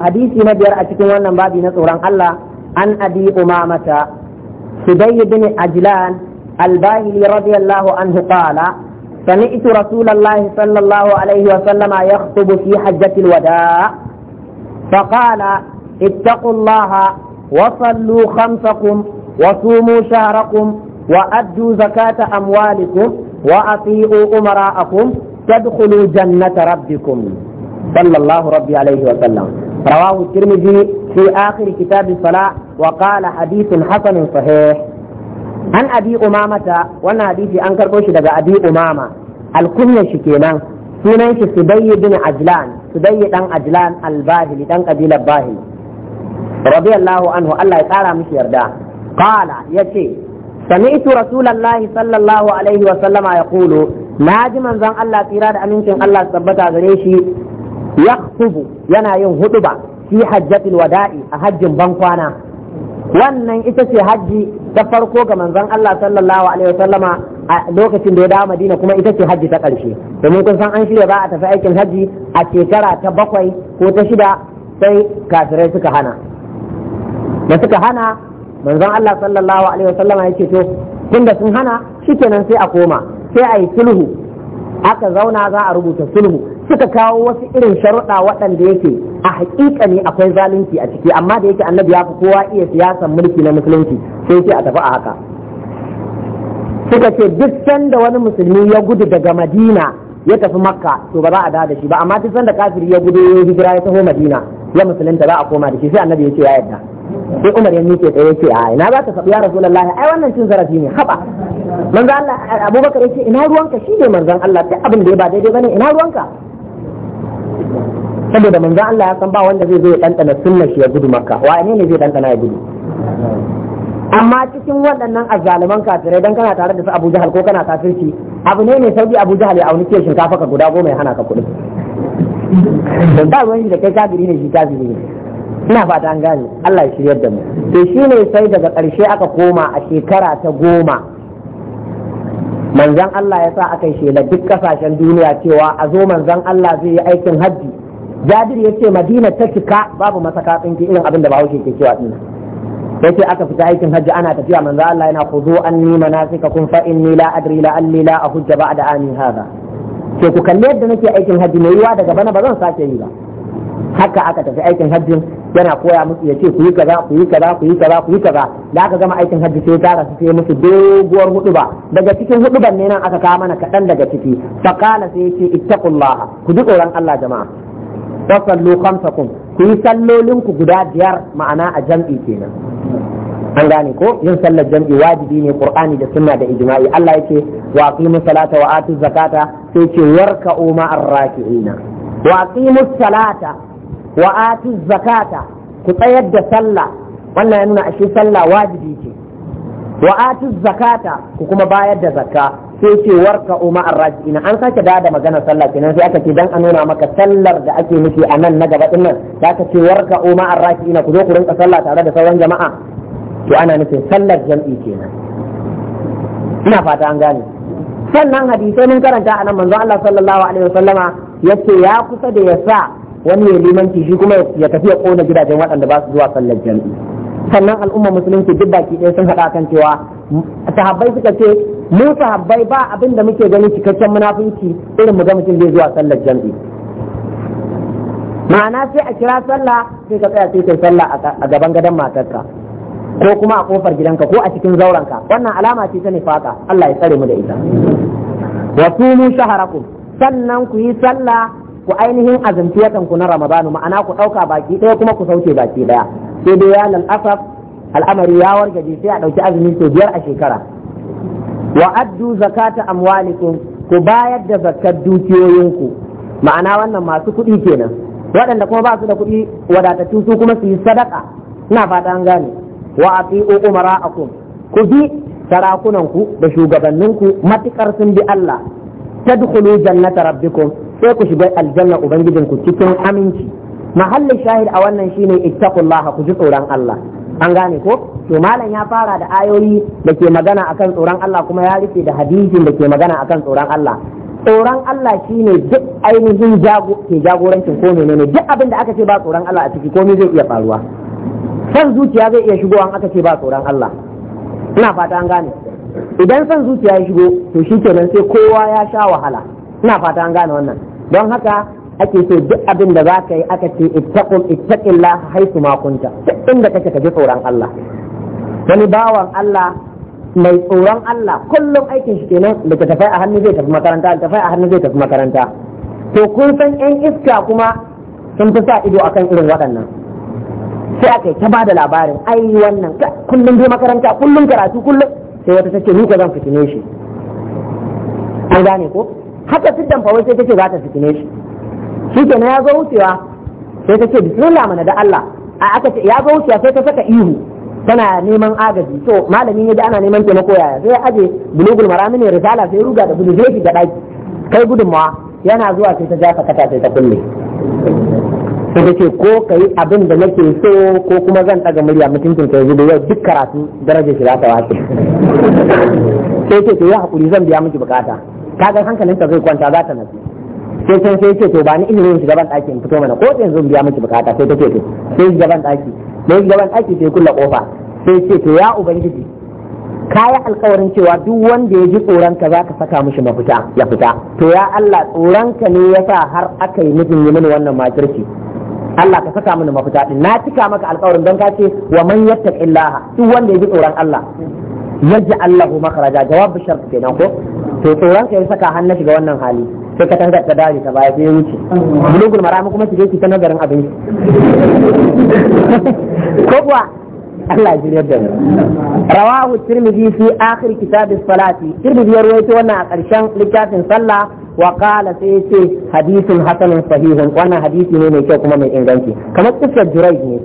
hadisi na biyar a cikin wannan babi na tsoron Allah an abi umamata sudai ibn ajlan al-bahili radiyallahu anhu qala sami'tu rasulullahi sallallahu alaihi wa sallama yakhtubu fi hajjatil wada'a wada فقال اتقوا الله وصلوا خمسكم وصوموا شهركم وأدوا زكاة أموالكم وأطيعوا أمراءكم تدخلوا جنة ربكم صلى الله ربي عليه وسلم رواه الترمذي في آخر كتاب الصلاة وقال حديث حسن صحيح عن أبي أمامة وانا حديثي أنكر بوش أبي أمامة الكنية كينا سنين سبي بن عجلان subayyi dan ajlan al dan kabilar bahili radiyallahu anhu Allah ya kara mishi yarda qala yace sami'tu rasulullahi sallallahu alaihi wa sallama yaqulu naji manzon Allah tsira da amincin Allah tabbata gare shi yakhutubu yana yin hutuba fi hajjatil wada'i a hajjin bankwana wannan ita ce hajji ta farko ga manzon Allah sallallahu alaihi wa sallama a lokacin da ya dawo madina kuma ita ce hajji ta ƙarshe domin kun san an shirya ba a tafi aikin hajji a shekara ta bakwai ko ta shida sai kafirai suka hana da suka hana manzon Allah sallallahu alaihi wasallam ya ce to tunda sun hana shikenan sai a koma sai a yi sulhu aka zauna za a rubuta sulhu suka kawo wasu irin sharuɗa waɗanda yake a haƙiƙa ne akwai zalunci a ciki amma da yake annabi ya fi kowa iya siyasan mulki na musulunci sai sai a tafi a haka suka ce duk sanda wani musulmi ya gudu daga madina ya tafi makka to ba za a da shi ba amma duk sanda kafiri ya gudu ya hijira ya taho madina ya musulunta za a koma da shi sai annabi ya ce ya yadda sai umar ya miƙe tsaye ya ce a ina za ka faɗi ya rasulullahi ai wannan cin zarafi ne haɓa manzon Allah abubakar ya ce ina ruwanka shi ne manzon Allah duk abin da ya ba daidai bane ina ruwanka saboda manzon Allah ya san ba wanda zai zo ya ɗanɗana sunnar shi ya gudu makka wa ne ne zai ɗanɗana ya gudu amma cikin waɗannan azzaluman kafirai dan kana tare da su Abu Jahal ko kana kafirci abu ne mai sauki Abu Jahal ya auni ke shinkafa ka guda goma ya hana ka kuɗi don da ruwan shi da kai kafiri ne shi kafiri ne ina fata an gane Allah ya shiryar da mu to ne sai daga ƙarshe aka koma a shekara ta goma manzan Allah ya sa aka yi shela duk kasashen duniya cewa a zo manzan Allah zai yi aikin hajji jadir ya ce madina ta cika babu masaka irin abin da bahaushe ke cewa dinnan sai sai aka fita aikin hajji ana tafiya manzo Allah yana khudu anni manasikakum fa inni la adri la alli la ahujja ba'da hadha sai ku kalli yadda nake aikin hajji mai yiwa daga bana ba zan sake yi ba haka aka tafi aikin hajjin yana koya musu ya ce ku yi kaza ku yi kaza ku yi kaza ku yi kaza da aka gama aikin hajji sai ta su sai musu doguwar huduba daga cikin huduban ne nan aka kawo mana kaɗan daga ciki fa sai yace ittaqullah ku ji tsoron Allah jama'a wa sallu khamsakum ku yi ku guda biyar ma'ana a jam'i kenan an gane ko yin sallar jam'i wajibi ne qur'ani da sunna da ijma'i Allah yake wa aqimu salata wa atu zakata sai ce warka'u ma'ar raki'ina wa aqimu salata wa atu zakata ku tsayar da sallah wannan ya nuna ashe sallah wajibi ce wa zakata ku kuma bayar da zakka sai ce warka umma arrajina an sake da da magana sallah kenan sai aka ce dan a nuna maka sallar da ake nufi a nan na gaba dinnan da aka ce warka umma arrajina ku zo ku rinka sallah tare da sauran jama'a to ana nufin sallar jam'i kenan ina fata an gane sannan hadisai mun karanta a nan manzo Allah sallallahu alaihi wasallama yace ya kusa da ya sa wani ya limanci shi kuma ya tafi ya kona gidajen waɗanda ba su zuwa sallar jam'i sannan al'umma musulunci duk baki ɗaya sun haɗa kan cewa sahabbai suka ce mu sahabbai ba abin da muke gani cikakken munafunci irin mu ga mutum zai zuwa sallar jam'i ma'ana sai a kira sallah sai ka tsaya sai kai sallah a gaban gadon matarka ko kuma a kofar gidanka ko a cikin zauren ka, wannan alama ce ta nifaka Allah ya tsare mu da ita wa sumu shahrakum sannan ku yi sallah ku ainihin azumci watan ku na Ramadanu ma'ana ku ɗauka baki ɗaya kuma ku sauke baki ɗaya sai dai ya lal'asaf al'amari ya wargaje sai a ɗauki azumi sau biyar a shekara wa addu zakata amwalikum ku bayar da zakar dukiyoyinku ma'ana wannan masu kuɗi kenan waɗanda kuma ba su da kuɗi wadatattu su kuma su yi sadaka ina fata an gane wa ati'u umara'akum ku bi sarakunanku da shugabanninku matukar sun bi Allah tadkhulu jannata rabbikum sai ku shiga aljanna ubangijinku cikin aminci mahallin shahid a wannan shine ittaqullaha ku ji tsoron Allah an gane ko to malam ya fara da ayoyi da ke magana akan tsoron Allah kuma ya rike da hadisin da ke magana akan tsoron Allah tsoron Allah shine duk ainihin ke jagorancin ko menene duk abin da aka ce ba tsoron Allah a ciki komai zai iya faruwa san zuciya zai iya shigo an aka ce ba tsoron Allah ina fata an gane idan san zuciya ya shigo to shikenan sai kowa ya sha wahala ina fata an gane wannan don haka ake so duk abin da za ka yi aka ce ittaqul ittaqillah haisu ma kunta duk inda kake ka ji tsoron Allah wani bawan Allah mai tsoron Allah kullum aikin shi kenan da tafi a hannu zai tafi makaranta da tafi a hannu zai tafi makaranta to kun san yan iska kuma sun fi sa ido akan irin waɗannan sai aka yi ta ba da labarin ai wannan kullum zai makaranta kullum karatu kullum sai wata tace ni ka zan fitine shi an gane ko haka fitan fawai sai tace za ta fitine shi shi na ya zo wucewa sai ta ce bismillah mana da Allah a aka ce ya zo wucewa sai ta saka ihu tana neman agaji to malamin yaji ana neman taimako yaya sai ya aje bulugul marami ne risala sai ruga da bulugul zai shiga daki kai gudunmawa yana zuwa sai ta jafa kata sai ta kulle sai ce ko ka yi abin da nake so ko kuma zan ɗaga murya mutuncin ka yanzu da yau duk karatu darajar shi za ta wace sai ce ya haƙuri zan biya miki bukata kaga hankalinka zai kwanta za ta nasu sai can sai ce to ba ni ilimin shiga gaban ɗaki in fito mana ko yanzu biya miki bukata sai ta ce to sai shi gaban ɗaki sai shi gaban ɗaki sai kulla kofa sai ce to ya ubangiji kayi alkawarin cewa duk wanda ya ji tsoronka za ka saka mishi mafita ya fita to ya Allah tsoronka ne ya sa har aka yi mijin yi mini wannan makirci Allah ka saka mini mafita din na cika maka alkawarin don ka ce wa man yattaqillaha duk wanda ya ji tsoron Allah yaji Allahu makhraja jawab bishar kenan ko to tsoronka ya saka hannu shiga wannan hali sai ka tangar ta dare ta baya sai ya wuce bulugul marama kuma ki ki ta nazarin abin ko kuwa Allah ji yadda ne rawahu tirmidhi fi akhir kitab as-salati tirmidhi ya rawaito wannan a karshen littafin sallah wa qala sai yace hadithun hasanun sahihun wannan hadisi ne mai kyau kuma mai inganci kamar kissar Jirai ne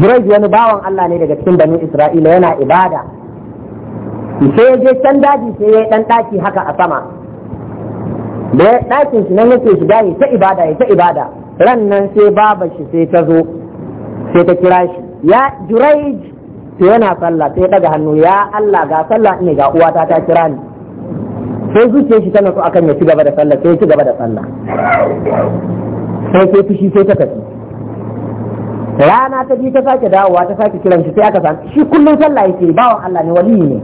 Jirai wani bawan Allah ne daga cikin bani Isra'ila yana ibada sai ya je can daji sai ya dan daki haka a sama da ya ɗakin shi nan yake shiga ya ta ibada ya ta ibada ran nan sai baba shi sai ta zo sai ta kira shi ya juraij to yana sallah sai daga hannu ya Allah ga sallah ne ga uwata ta kira ni sai zuciya shi ta nasu akan ya ci gaba da sallah sai ya ci gaba da sallah sai sai fushi sai ta tafi rana ta bi ta sake dawowa ta sake kiran shi sai aka san shi kullum sallah yake bawan Allah ne wali ne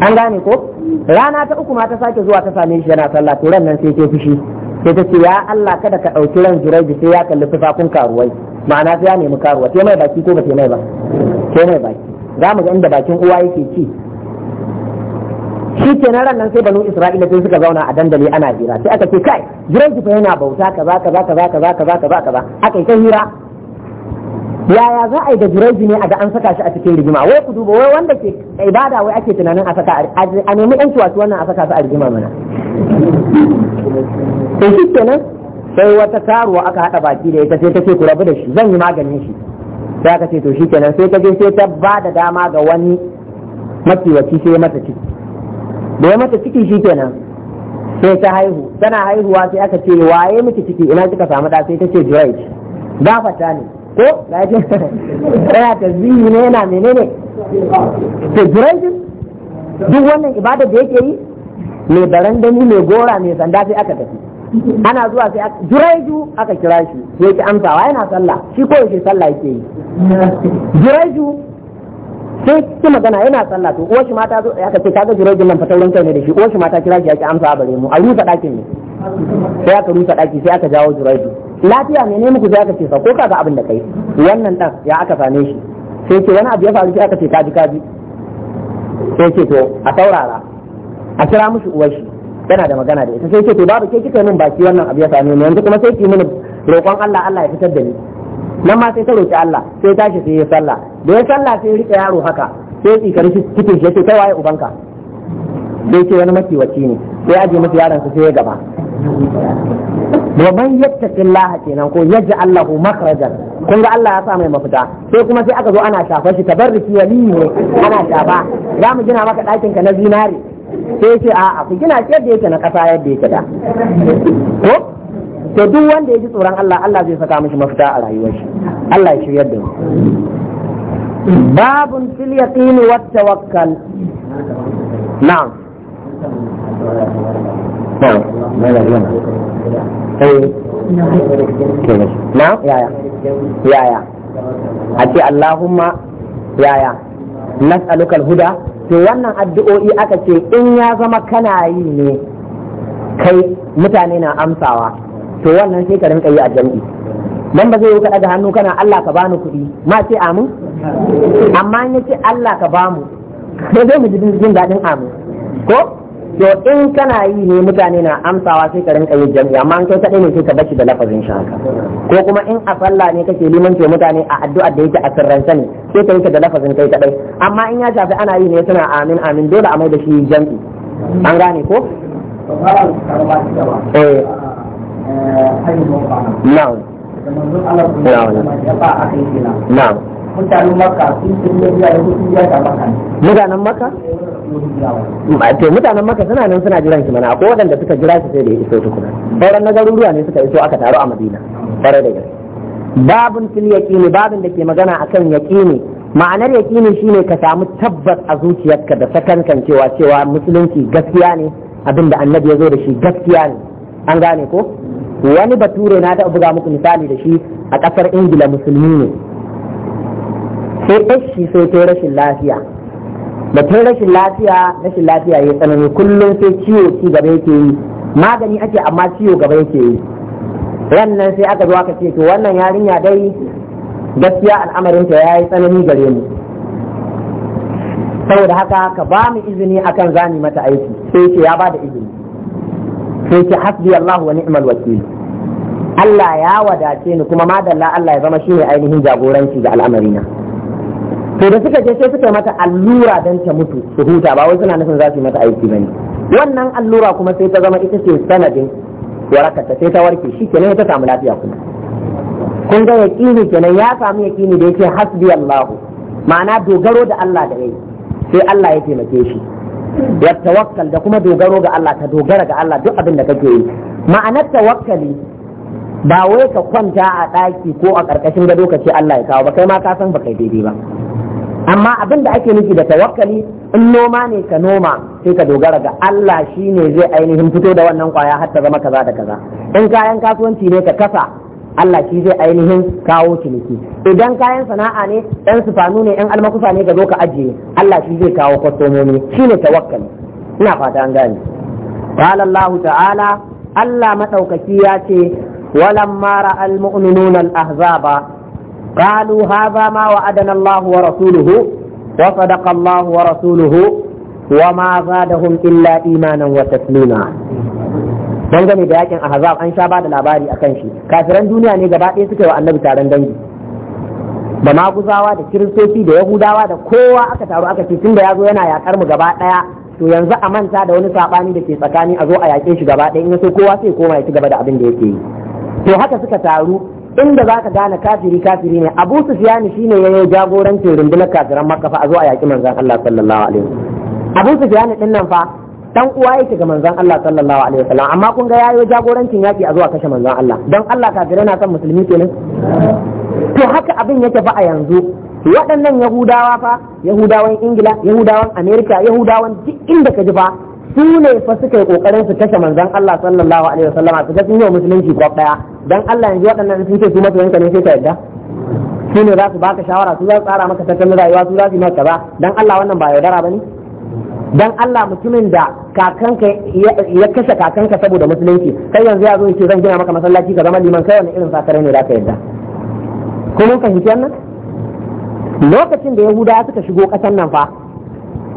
an gane ko rana ta uku ma ta sake zuwa ta same shi yana sallah to ran nan sai ke fushi sai ta ce ya Allah kada ka ɗauki ran jiraiji sai ya kalli tufafin karuwai ma'ana sai ya nemi karuwa sai mai baki ko ba sai mai ba sai mai baki za mu ga inda bakin uwa yake ci shi ke na ran nan sai banu isra'ila sai suka zauna a dandali ana hira sai aka ce kai jirai fa yana bauta kaza kaza kaza kaza kaza kaza aka yi ta hira yaya za a yi da jirai ne a ga an saka shi a cikin rigima wai ku duba wai wanda ke ibada wai ake tunanin a saka a nemi yan wasu wannan a saka su a rigima mana to shi kenan sai wata karuwa aka haɗa baki da ita sai ta ce ku rabu da shi zan yi maganin shi sai aka ce to shi kenan sai ta je sai ta ba da dama ga wani makiwaci sai ya mata ciki da ya mata ciki shi kenan sai ta haihu tana haihuwa sai aka ce waye miki ciki ina kika samu da sai ta ce ba gafata ne ko da yake tsaya tasbihi ne yana menene tajiraijin duk wannan ibada da yake yi mai dani mai gora mai sanda sai aka tafi ana zuwa sai aka jiraiju aka kira shi sai ki wa yana sallah shi ko yake sallah yake yi jiraiju sai ki magana yana sallah to uwar shi mata zo aka ce kaga jiraijin nan fataurin kai ne da shi uwar shi mata kira shi ya ki amsa bare mu a rusa dakin ne sai aka rusa daki sai aka jawo jiraiju lafiya ne ne muku zaka ce sa ko kaga abin da kai wannan dan ya aka same shi sai ce wani abu ya faru sai aka ce kaji kaji sai ce to a saurara a kira mushi uwar shi yana da magana da ita sai ce to babu ke kika min baki wannan abu ya same ni yanzu kuma sai ki mini roƙon Allah Allah ya fitar da ni nan ma sai ta roƙi Allah sai tashi sai ya sallah da ya sallah sai ya rike yaro haka sai ya karshe cikin shi sai ce kai waye ubanka da ce wani makiwaci ne sai aje masa yaron su sai ya gaba wa man yattaqillah kenan ko yaj'al allahu makhrajan kun ga Allah ya sa mai mafita sai kuma sai aka zo ana shafa shi tabarruki wali ne ana shafa za mu gina maka ɗakin ka na zinare sai ce a a ku gina shi yadda yake na ƙasa yadda yake da ko to duk wanda ya ji tsoron Allah Allah zai saka mishi mafita a rayuwar shi Allah ya shiryar da mu babun fil yaqini wat tawakkal na'am نعم ماذا اليوم اي نعم يا يا يا يا to wannan addu'o'i aka ce in ya zama kana yi ne kai mutane na amsawa to wannan sai ka rinka yi a jam'i dan ba zai yi ka da hannu kana Allah ka bani kuɗi ma ce amin amma in ce Allah ka bamu ko zai mu ji jin daɗin amin ko to in kana yi ne mutane na amsawa sai ka rinka yin jami'a amma kai kadai ne sai ka bashi da lafazin shi haka ko kuma in a sallah ne kake liman limanci mutane a addu'a da yake a sirran sani sai ka rinka da lafazin kai kadai amma in ya shafi ana yi ne suna amin amin dole a mai da shi jami'i an gane ko eh na'am na'am na'am mutanen maka suna nan suna jiran ki mana akwai waɗanda suka jira su sai da ya iso tukuna sauran na garuruwa ne suka iso aka taru a madina kwarai da gaske babun fil yaqini babin da ke magana akan yaqini ma'anar yaqini shine ka samu tabbas a zuciyarka da sakankan cewa cewa musulunci gaskiya ne abin da annabi ya zo da shi gaskiya ne an gane ko wani bature na ta buga muku misali da shi a kasar ingila musulmi ne sai ɗashi sai ta rashin lafiya da ta rashin lafiya rashin lafiya ya tsanani kullum sai ciwo ci gaba yake yi magani ake amma ciwo gaba yake yi rannan sai aka zo aka ce to wannan yarinya dai gaskiya al'amarinta ya yi tsanani gare mu saboda haka ka ba mu izini akan zani mata aiki sai ce ya ba da izini sai ce hasbi Allah wa ni'mal wakil Allah ya wadace ni kuma madalla Allah ya zama shine ainihin jagoranci ga al'amarina to da suka je sai suka mata allura don ta mutu su huta ba wai suna nufin za su yi mata aiki bane wannan allura kuma sai ta zama ita ce sanadin warakarta sai ta warke shi kenan ta samu lafiya kuma kun ga yaqini kenan ya samu yaqini da yake hasbi Allahu ma'ana dogaro da Allah da yayi sai Allah ya taimake shi ya tawakkal da kuma dogaro ga Allah ta dogara ga Allah duk abin da kake yi ma'anar tawakkali ba wai ka kwanta a ɗaki ko a ƙarƙashin gado ka ce Allah ya kawo ba kai ma ka san ba kai daidai ba amma abin da ake nufi da tawakkali in noma ne ka noma sai ka dogara ga Allah shi ne zai ainihin fito da wannan kwaya har ta zama kaza da kaza in kayan kasuwanci ne ka kasa Allah shi zai ainihin kawo ciniki idan kayan sana'a ne ɗan sufanu ne ɗan almakusa ne ka zo ka ajiye Allah shi zai kawo kwastomomi shi ne tawakkali ina fata an gane قال الله تعالى Allah maɗaukaki ya ce walamma ra'al mu'minuna al-ahzaba قالوا هذا ما وعدنا الله ورسوله وصدق الله ورسوله وما زادهم إلا إيمانا وتسليما dangane da yakin ahzab an sha ba da labari akan shi kafiran duniya ne gaba ɗaya suke wa annabi taron dangi da maguzawa da kiristoci da yahudawa da kowa aka taru aka ce tun ya zo yana yakar mu gaba ɗaya to yanzu a manta da wani sabani da ke tsakani a zo a yake shi gaba ɗaya in so kowa sai koma ya ci gaba da abin da yake yi to haka suka taru inda za ka gane kafiri kafiri ne abu ni shine yayi jagorancin rundunar kafiran makka fa a zo a yaki manzon Allah sallallahu alaihi wasallam abu ni din nan fa dan uwa yake ga manzon Allah sallallahu alaihi wasallam amma kun ga yayi jagorancin yaki a zuwa kashe manzon Allah dan Allah kafirai na san musulmi kenan to haka abin yake fa a yanzu waɗannan yahudawa fa yahudawan ingila yahudawan amerika yahudawan duk inda ka ji fa su ne fa suka yi kokarin su kashe manzon Allah sallallahu alaihi wasallam su ga sun yi musulunci ko daya dan Allah yanzu waɗannan sun ce su yanka ne sai ka yadda su ne za su baka shawara su za su tsara maka tattalin rayuwa su za su yi maka kaza dan Allah wannan ba yaudara bane dan Allah mutumin da kakanka ya kashe kakanka saboda musulunci kai yanzu ya zo yace zan gina maka masallaci ka zama liman kai wannan irin sakare ne za ka yadda ko mun fahimci wannan lokacin da yahuda suka shigo kasan nan fa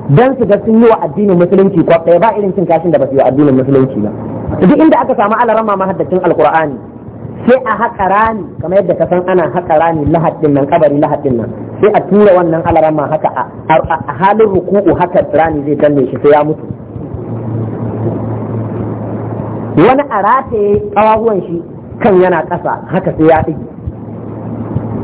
dan su ga sun yi wa addinin musulunci ko ɗaya ba irin cin kashin da ba su yi wa addinin musulunci ba duk inda aka samu alaran ma mahaddacin alqur'ani sai a haƙa rani kamar yadda ka san ana haƙa rani lahadin nan kabari lahadin nan sai a tura wannan alaran ma haka a halin ruku'u haka rani zai danne shi sai ya mutu wani a rataye ƙawahuwan shi kan yana ƙasa haka sai ya ɗigi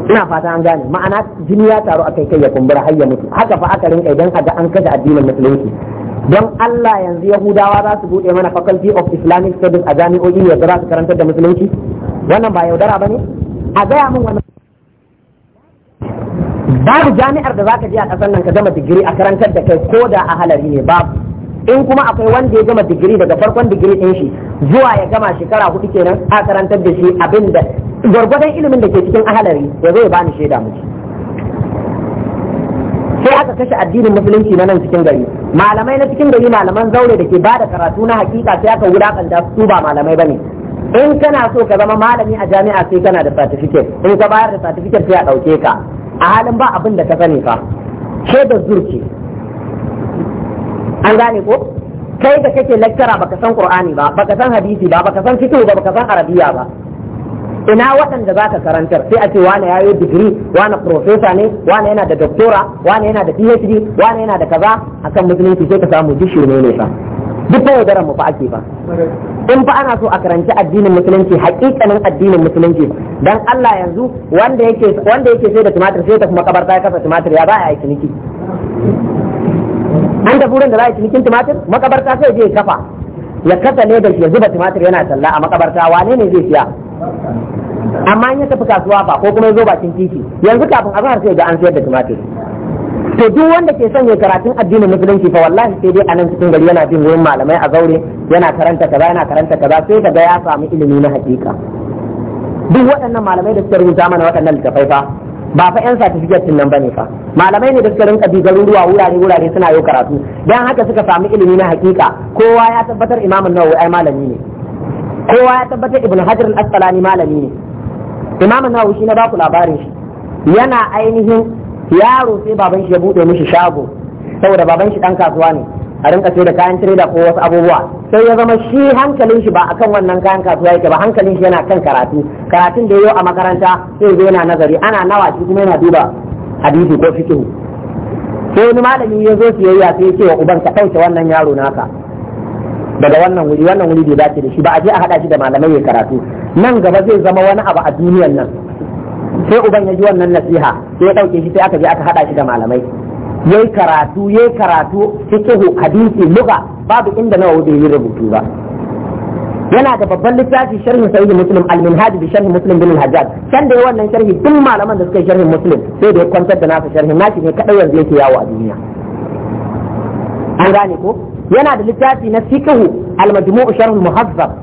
ina fata an gane ma'ana jini ya taru akai kai ya kumbura har ya mutu haka fa aka rinka idan kaga an kashe addinin musulunci don Allah yanzu Yahudawa za su bude mana faculty of Islamic studies a jami'o'i ya za su karantar da musulunci wannan ba yaudara bane a gaya min wannan babu jami'ar da zaka je a kasar nan ka gama digiri a karantar da kai ko da a halari ne babu in kuma akwai wanda ya gama digiri daga farkon digiri ɗin shi zuwa ya gama shekara hudu kenan a karantar da shi abin da gwargwadon ilimin da ke cikin ahalari ya zo ya bani shaida miki sai aka kashe addinin musulunci na nan cikin gari malamai na cikin gari malaman zaure da ke ba da karatu na hakika sai aka wulakanta su ba malamai bane in kana so ka zama malami a jami'a sai kana da certificate in ka bayar da certificate sai a ɗauke ka a halin ba abin da ka sani fa shaidar zurci an gane ko kai da kake lecturer baka san qur'ani ba baka san hadisi ba baka san fiqh ba baka san arabiya ba ina waɗanda za ka karantar sai a ce wane ya yi digiri wane profesa ne wane yana da doktora wane yana da phd wane yana da kaza akan musulunci sai ka samu dishi ne ne fa duk da yaudaran mu fa ake fa in fa ana so a karanci addinin musulunci hakikanin addinin musulunci dan Allah yanzu wanda yake wanda yake sai da tumatir sai ta kuma kabarta ya kasa tumatir ya ba ya yi niki an da burin da za a cinikin tumatir makabarta sai je kafa ya kasa ne da zuba tumatir yana talla a makabarta wane ne zai siya amma in ya tafi kasuwa ba, ko kuma ya zo bakin titi yanzu kafin a zahar sai ga an sayar da tumatir to duk wanda ke sanya karatun addinin musulunci fa wallahi sai dai a nan cikin gari yana bin wurin malamai a zaure yana karanta kaza yana karanta kaza sai kaga ya samu ilimi na hakika duk waɗannan malamai da suka rubuta mana waɗannan littafai fa ba fa yan certificate din nan bane fa malamai ne da suka rinka bi garuruwa wurare wurare suna yau karatu dan haka suka samu ilimi na hakika kowa ya tabbatar imamu nawawi ai malami ne kowa ya tabbatar ibnu hajar al-asqalani malami ne imamu nawawi shi na ba ku labarin shi yana ainihin yaro sai baban shi ya bude mishi shago saboda baban shi dan kasuwa ne a rinka sai da kayan tireda ko wasu abubuwa sai ya zama shi hankalin shi ba akan wannan kayan kasuwa yake ba hankalin shi yana kan karatu karatun da yau a makaranta sai zai na nazari ana nawa shi kuma yana duba hadisi ko fikihu sai wani malami ya zo siyayya sai ya ce wa uban ka ɗauke wannan yaro naka daga wannan wuri wannan wuri bai dace da shi ba a je a haɗa shi da malamai ya karatu nan gaba zai zama wani abu a duniyan nan sai uban ya ji wannan nasiha sai ya ɗauke shi sai aka je aka haɗa shi da malamai yayi karatu yayi karatu fiqh hadisi lugha babu inda nawa bai yi rubutu ba yana da babban littafi sharhin sahih muslim al-minhaj bi sharh muslim bin al-hajjaj kan da wannan sharhi duk malaman da suka yi sharhin muslim sai da ya kwantar da nasa sharhin nashi ne kadai yanzu yake yawo a duniya an gane ko yana da littafi na fiqh al-majmu' sharh muhazzab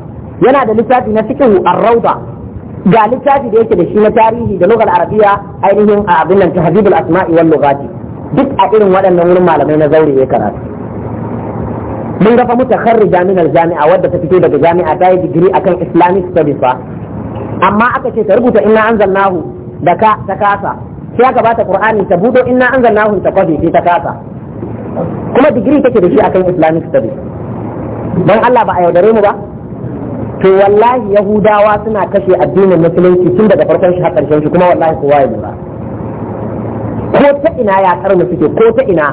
yana da littafi na fiqh ar-rawda ga littafi da yake da shi na tarihi da lugal arabiya ainihin abin nan tahdhib al-asma'i wal lughati duk a irin waɗannan wurin malamai na zaure ya karatu mun ga fa mutakharrija jami'ar jami'a wadda ta fito daga jami'a ta yi digiri akan islamic studies ba amma aka ce ta rubuta inna anzalnahu da ka ta kasa sai aka bata qur'ani ta budo inna anzalnahu ta kwafi sai ta kasa kuma digiri take da shi akan islamic studies dan Allah ba a yaudare mu ba to wallahi yahudawa suna kashe addinin musulunci tun daga farkon shi har karshen shi kuma wallahi kowa ya lura ko ta ina ya karni suke ko ta ina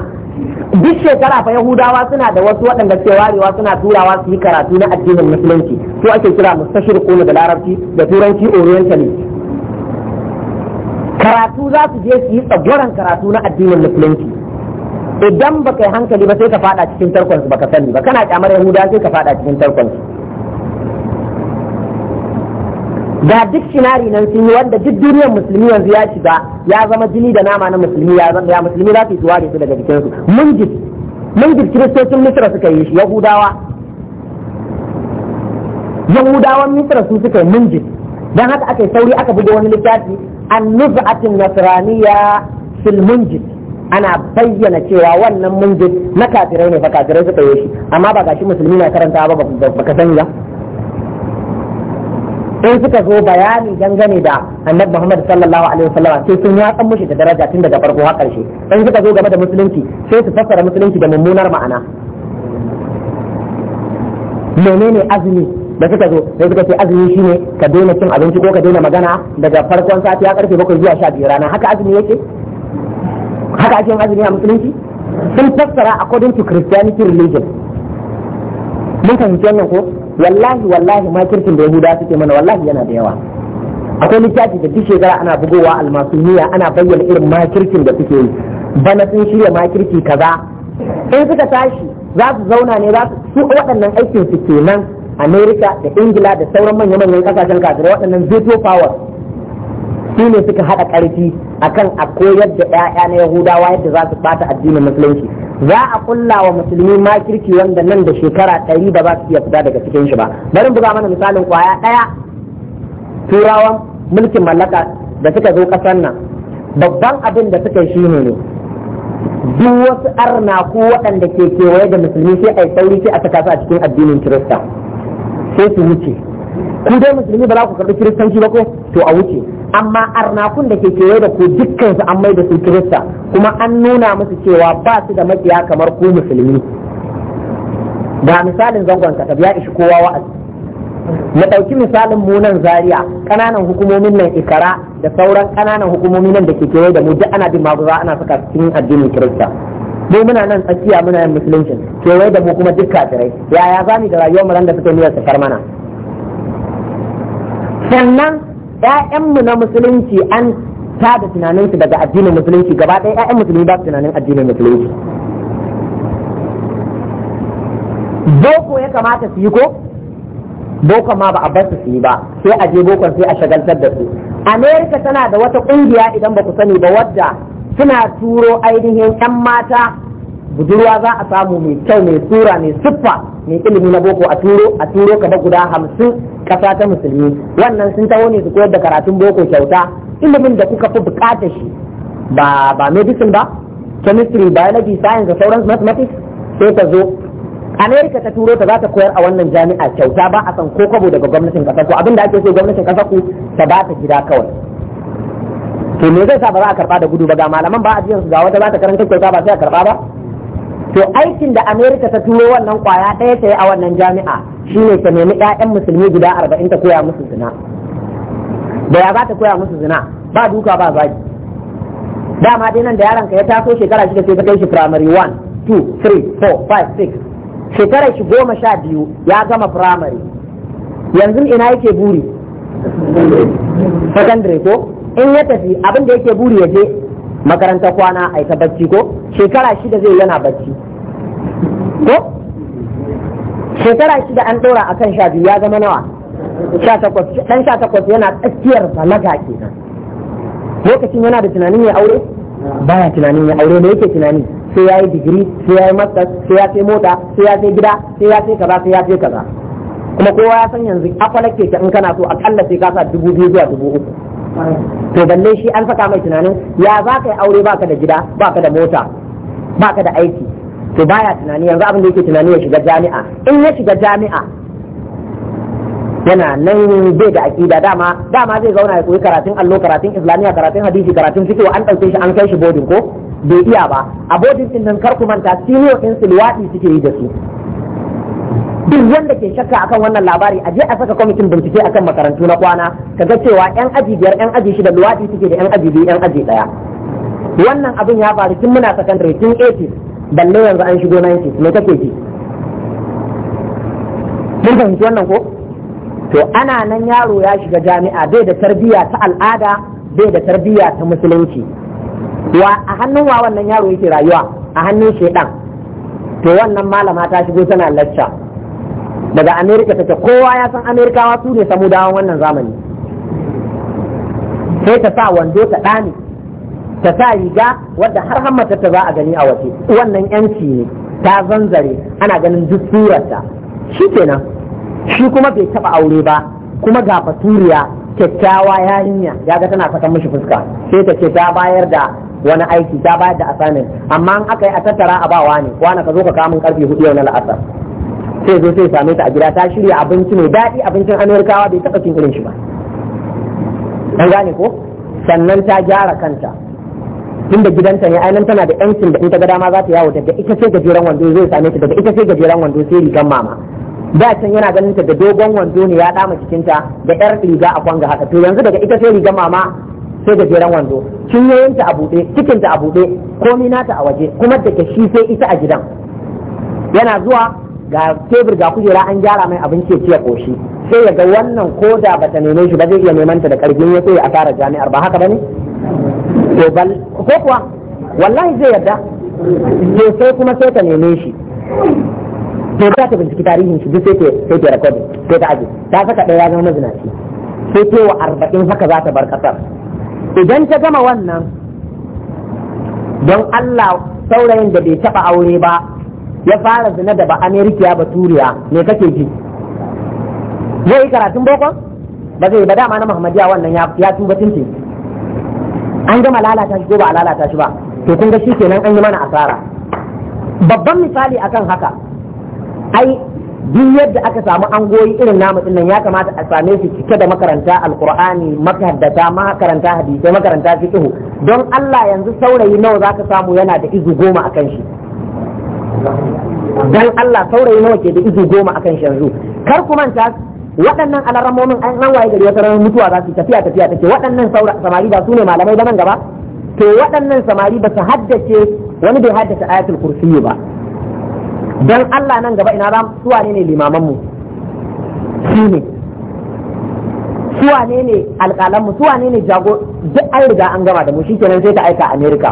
duk shekara fa yahudawa suna da wasu waɗanda ke warewa suna turawa su yi karatu na addinin musulunci to ake kira mustashriqu da larabci da turanci orientally karatu za su je su yi tsagoran karatu na addinin musulunci idan baka hankali ba sai ka fada cikin tarkon su baka sani ba kana kyamar yahudawa sai ka fada cikin tarkon su. da duk shinari nan sun yi wanda duk duniyar musulmi yanzu ya shiga ya zama jini da nama na musulmi ya zama ya musulmi za su yi ware su daga jikinsu mungit mungit kiristocin misira suka yi shi yahudawa yahudawan misira sun suka yi mungit Don haka aka yi sauri aka buga wani littafi an nuz'atin nasraniya fil mungit ana bayyana cewa wannan mungit na kafirai ne ba kafirai suka yi shi amma ba gashi musulmi na karanta ba ba ka sani ba in suka zo bayani dangane da annabi Muhammad sallallahu alaihi wasallam sai sun yatsan mushi da daraja tun daga farko har karshe in suka zo game da musulunci sai su fassara musulunci da mummunar ma'ana menene azumi da suka zo sai suka ce azumi shine ka daina cin abinci ko ka daina magana daga farkon sati ya karfe bakwai zuwa sha biyu rana haka azumi yake haka ake yin azumi a musulunci sun fassara according to christianity religion mun fahimci wannan ko wallahi wallahi kirkin da yahuda suke mana wallahi yana da yawa akwai littafi da duk shekara ana bugowa almasuniya ana bayyana irin makirkin da suke yi bana sun shirya makirci kaza in suka tashi za su zauna ne za su waɗannan aikin su kenan amerika da ingila da sauran manya-manyan ƙasashen kafirai waɗannan veto powers su ne suka haɗa ƙarfi akan a koyar da ɗaya na yahudawa yadda za su bata addinin musulunci za a kulla wa musulmi makirki wanda nan da shekara ɗari ba za su iya fita daga cikin shi ba bari buga mana misalin kwaya ɗaya turawan mulkin mallaka da suka zo ƙasar nan babban abin da suka shi ne duk wasu arna ko waɗanda ke kewaye da musulmi sai a yi sauri sai a saka su a cikin addinin kirista sai su wuce ku dai musulmi ba za ku karɓi kiristanci ba ko to a wuce amma arnakun da ke kewaye da ku dukkan su an mai da su kirista kuma an nuna musu cewa ba su da makiya kamar ku musulmi ga misalin zangon ka ya ishi kowa wa'azi na ɗauki misalin munan zaria ƙananan hukumomin nan ikara da sauran ƙananan hukumomin nan da ke kewaye da mu duk ana bin maguza ana saka cikin addinin kirista mu muna nan tsakiya muna yin musulunci kewaye da mu kuma duk kafirai yaya za mu da rayuwar mu randa da suka miyar sakar mana sannan 'ya'yanmu na musulunci an tada tunaninsu daga addinin musulunci gaba ɗaya Ya'yan musulmi ba su tunanin addinin musulunci boko ya kamata su yi ko boko ma ba a bar su su yi ba sai a je bokon sai a shagaltar da su Amerika tana da wata ƙungiya idan ba ku sani ba wadda suna turo ainihin 'yan mata budurwa za a samu mai kyau mai tsura mai siffa mai ilimi na boko a turo a turo kaba guda hamsin kasa ta musulmi wannan sun taho ne su koyar da karatun boko kyauta ilimin da kuka fi bukata shi ba ba medicine ba chemistry biology science da sauran mathematics sai ka zo america ta turo ta za ta koyar a wannan jami'a kyauta ba a san ko kabo daga gwamnatin kasar ku abinda ake so gwamnatin kasar ku ta ba ta gida kawai to me zai sa ba za a karba da gudu ba ga malaman ba a jiyan su ga wata za ta karanta kyauta ba sai a karba ba to aikin da america ta turo wannan kwaya ɗaya ta yi a wannan jami'a shi ne ta nemi ƴaƴan musulmi guda arba'in ta koya musu zina da ya za ta koya musu zina ba duka ba zagi dama dai nan da yaron ka ya taso shekara shida sai ka kai shi primary 1 2 3 4 5 6 shekarar shi goma sha biyu ya gama primary yanzu ina yake buri secondary ko in ya tafi abin da yake buri ya je makaranta kwana a ita bacci ko shekara shida zai yana bacci ko shekara shida an ɗora a kan sha biyu ya zama nawa ɗan sha takwas yana tsakiyar balaga kenan lokacin yana da tunanin ya aure baya tunanin ya aure da yake tunani sai ya yi digiri sai ya yi masters sai ya sai mota sai ya sai gida sai ya sai kaza sai ya sai kaza kuma kowa ya san yanzu akwalar keke in kana so akalla sai ka sa dubu biyu zuwa dubu uku to balle shi an saka mai tunanin ya za ka yi aure baka da gida baka da mota baka da aiki to baya tunani yanzu abin da yake tunani ya shiga jami'a in ya shiga jami'a yana nan bai da aƙida dama dama zai zauna ya koyi karatun allo karatun islamiyya karatun hadisi karatun fiqh an ɗauke shi an kai shi bodin ko bai iya ba a bodin din nan kar ku manta senior din su suke yi da su duk wanda ke shakka akan wannan labari a je a saka kwamitin bincike akan makarantu na kwana kaga cewa yan aji biyar yan aji shida luwadi suke da yan aji biyu yan aji daya wannan abin ya faru tun muna secondary tun 80 balle yanzu an shigo 90 me kake ji mun fahimci wannan ko to ana nan yaro ya shiga jami'a bai da tarbiyya ta al'ada bai da tarbiyya ta musulunci wa a hannun wa wannan yaro yake rayuwa a hannun shedan to wannan malama ta shigo tana lacca daga amerika take kowa ya san amerikawa su ne samu dawon wannan zamani sai ta sa wando ta ɗani ta sa riga wadda har hammata ta za a gani a waje wannan yanci ne ta zanzare ana ganin duk surarta shi kenan shi kuma bai taba aure ba kuma ga faturiya, kyakkyawa yarinya ya ga tana fatan mashi fuska sai ta ce ta bayar da wani aiki ta bayar da asanin amma in aka yi a tattara a bawa ne wani ka zo ka kamun karfe hudu yau na la'asar sai zo sai same ta a gida ta shirya abinci mai daɗi abincin amerikawa bai taɓa cin irin shi ba an gane ko sannan ta gyara kanta tunda gidanta ne ainihin tana da yancin da in ta ga dama za ta yawo daga ita sai gajeren wando zai same ta daga ita sai gajeren wando sai rigar mama da can yana ganin ta da dogon wando ne ya dama cikinta da yar riga a kwanga haka to yanzu daga ita sai rigan mama sai gajeren wando cinyoyinta a buɗe cikinta a buɗe komai nata a waje kuma daga shi sai ita a gidan yana zuwa ga tebur ga kujera an gyara mai abin ke ciya koshi sai ya ga wannan ko da bata neme shi ba zai iya neman ta da karfi ya sai ya asara jami'ar ba haka bane to bal ko kuwa wallahi zai yarda to sai kuma sai ta neme shi to ta ta binciki tarihin shi duk sai ta sai ta recording sai ta aje ta saka ɗaya ya zama mazinaci sai ta wa arba'in haka za ta bar kasar idan ta gama wannan don Allah saurayin da bai taba aure ba ya fara zina da ba amerikiya ba turiya me kake ji zai yi karatun boko ba zai ba dama na muhammadiya wannan ya tuba tinti an gama lalata shi ko ba a lalata shi ba to kun ga shi kenan an yi mana asara babban misali akan haka ai duk yadda aka samu goyi irin namu dinnan ya kamata a same shi cike da makaranta alqur'ani makaddata makaranta hadisi makaranta fiqh don Allah yanzu saurayi nawa zaka samu yana da izu goma akan shi dan Allah saurayi nawa ke da izu goma akan shi yanzu kar ku manta waɗannan alarmomin an nan waye gari wata ranar mutuwa za su tafiya tafiya take waɗannan samari ba su ne malamai da nan gaba to waɗannan samari ba su haddace wani bai haddace ayatul kursiyyi ba dan Allah nan gaba ina ram suwa ne ne limaman mu shine suwa ne ne alƙalan mu suwa ne ne jago duk an riga an gama da mu shikenan sai ta aika America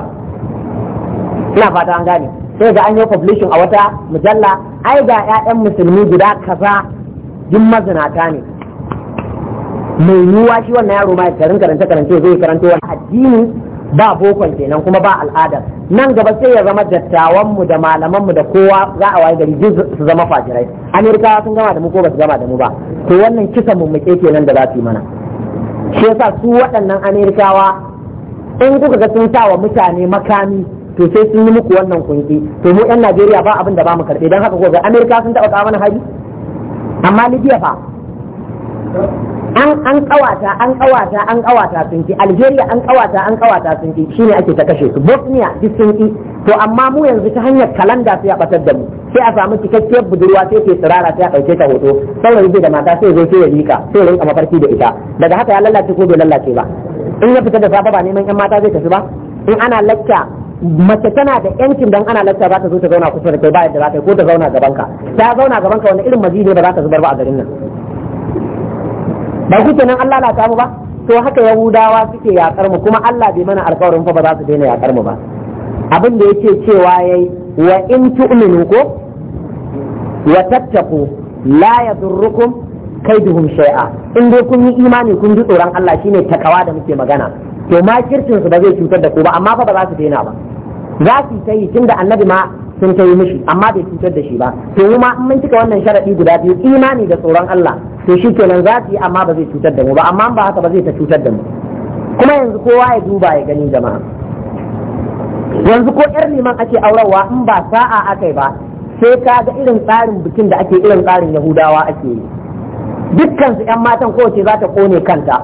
ina fata an gane sai ga an yi publishing a wata mujalla ai ga ƴaƴan musulmi guda kaza duk mazinata ne mai yiwuwa shi wannan yaro ma ya karanta karance zai karanta wani addini ba bokon kenan kuma ba al'ada nan gaba sai ya zama dattawan mu da malaman mu da kowa za a waye gari duk su zama fajirai amerikawa sun gama da mu ko ba su gama da mu ba to wannan kisan mummuke kenan da za su yi mana shi yasa su waɗannan amerikawa in kuka ga sun sa wa mutane makami to sai sun yi muku wannan kunki to mu yan Najeriya ba abin da ba mu karbe dan haka ko ga Amerika sun taba kawo mana haji amma Libya fa an an kawata an kawata an kawata sun ki Algeria an kawata an kawata sun ki shine ake ta kashe su Bosnia duk sun ki to amma mu yanzu ta hanyar kalanda sai a batar da mu sai a samu cikakkiyar budurwa sai ke tsirara sai a ɗauke ta hoto saurayi bai da mata sai zo sai ya rika sai rinka mafarki da ita daga haka ya lalace ko bai lalace ba in ya fita da safa ba neman yan mata zai tafi ba in ana lacca mace tana da yankin don ana lacca za ta zo ta zauna kusa da kai ba yadda za ta yi ko ta zauna gaban ka ta zauna gaban ka wani irin mazi ne ba za ta zubar ba a garin nan ba ku kenan Allah la ta mu ba to haka yahudawa suke yakar mu kuma Allah bai mana alƙawarin fa ba za su daina yakar mu ba abin da yake cewa yayi wa in tu'minu ko wa tattaqu la yadurrukum kaiduhum shay'a in dai kun yi imani kun ji tsoron Allah shine takawa da muke magana to ma kirkin su ba zai cutar da ku ba amma fa ba za su daina ba za su ta yi tunda annabi ma sun ta yi mishi amma bai cutar da shi ba to mu ma mun cika wannan sharadi guda biyu imani da tsoron Allah to shi kenan za su yi amma ba zai cutar da mu ba amma ba haka ba zai ta cutar da mu kuma yanzu kowa ya duba ya gani jama'a yanzu ko yar liman ake aurarwa in ba sa'a akai ba sai ka ga irin tsarin bikin da ake irin tsarin yahudawa ake yi dukkan su yan matan kowace za ta kone kanta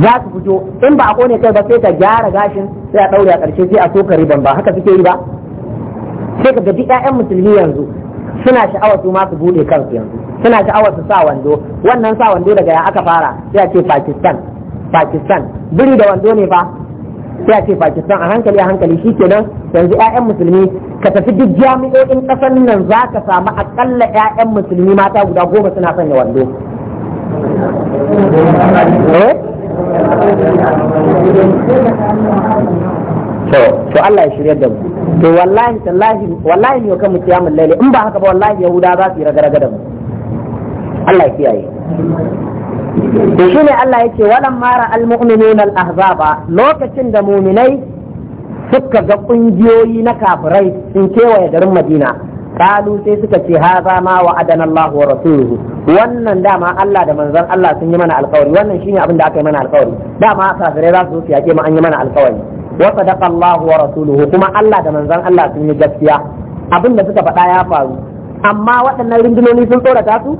za su fito in ba a kone kai ba sai ka gyara gashin sai a daure a ƙarshe sai a soka riban ba haka suke yi ba sai ka gaji ƴaƴan musulmi yanzu suna sha'awar su ma su bude kansu yanzu suna sha'awar su sa wando wannan sa wando daga ya aka fara sai a ce Pakistan Pakistan biri da wando ne fa sai a ce Pakistan a hankali a hankali shi kenan yanzu ƴaƴan musulmi ka tafi duk jami'o'in ƙasar nan za ka samu akalla ƴaƴan musulmi mata guda goma suna sanya wando eh? to to Allah ya shirya da mu to wallahi tallahi wallahi ne kan mutiyamul laili in ba haka ba wallahi yahuda za su yi ragaraga da mu Allah ya kiyaye to shine Allah yake walan mara almu'minuna al-ahzaba lokacin da mu'minai suka ga kungiyoyi na kafirai sun kewaye garin Madina kalu sai suka ce haza ma wa adana Allah wa wannan dama Allah da manzon Allah sun yi mana alkawari wannan shine abin da aka yi mana alkawari dama kafirai za su yake mu an yi mana alkawari wa sadaqa Allah wa kuma Allah da manzon Allah sun yi gaskiya abin suka faɗa ya faru amma waɗannan rindunoni sun tsorata su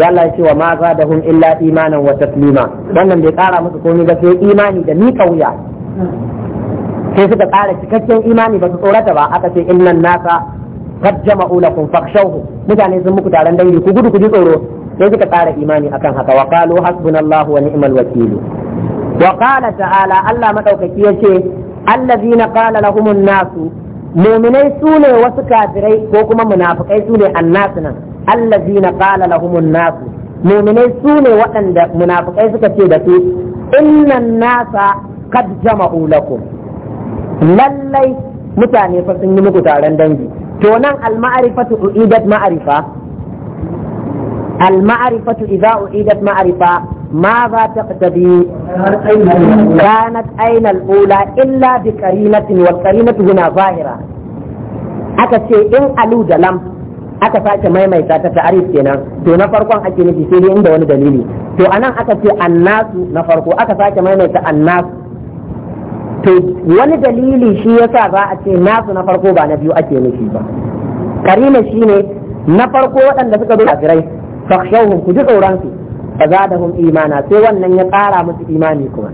da Allah ya ce wa ma zadahum illa imanan wa taslima wannan bai kara musu komai ba sai imani da mika wuya sai suka ƙara cikakken imani ba su tsorata ba aka ce innan nasa qad jama'u lakum fakhshawhu mutane sun muku taron dangi ku gudu ku ji tsoro sai suka tsara imani akan haka wa qalu wa ni'mal wakeel wa ta'ala Allah madaukaki yace allazina qala lahumun nasu muminai su wasu kafirai ko kuma munafikai su ne annasu nan allazina qala lahumun nasu muminai sune waɗanda munafikai suka ce da su innan nasa kad jama'u lallai mutane fa sun yi muku taron dangi to nan al-ma'rifatu u'idat ma'rifa al-ma'rifatu u'idat ma'rifa ma za ta qadi kanat aina al-ula illa bi qarinatin wa qarinatu huna zahira aka ce in alu da lam aka sake maimaita ta ta'arif kenan to na farkon ake nufi sai inda wani dalili to anan aka ce annasu na farko aka sake maimaita annasu to wani dalili shi yasa za a ce nasu na farko ba na biyu ake nufi ba shi ne na farko waɗanda suka zo kafirai fakhshawhum ku ji tsoron su fazadahum imana sai wannan ya ƙara musu imani kuma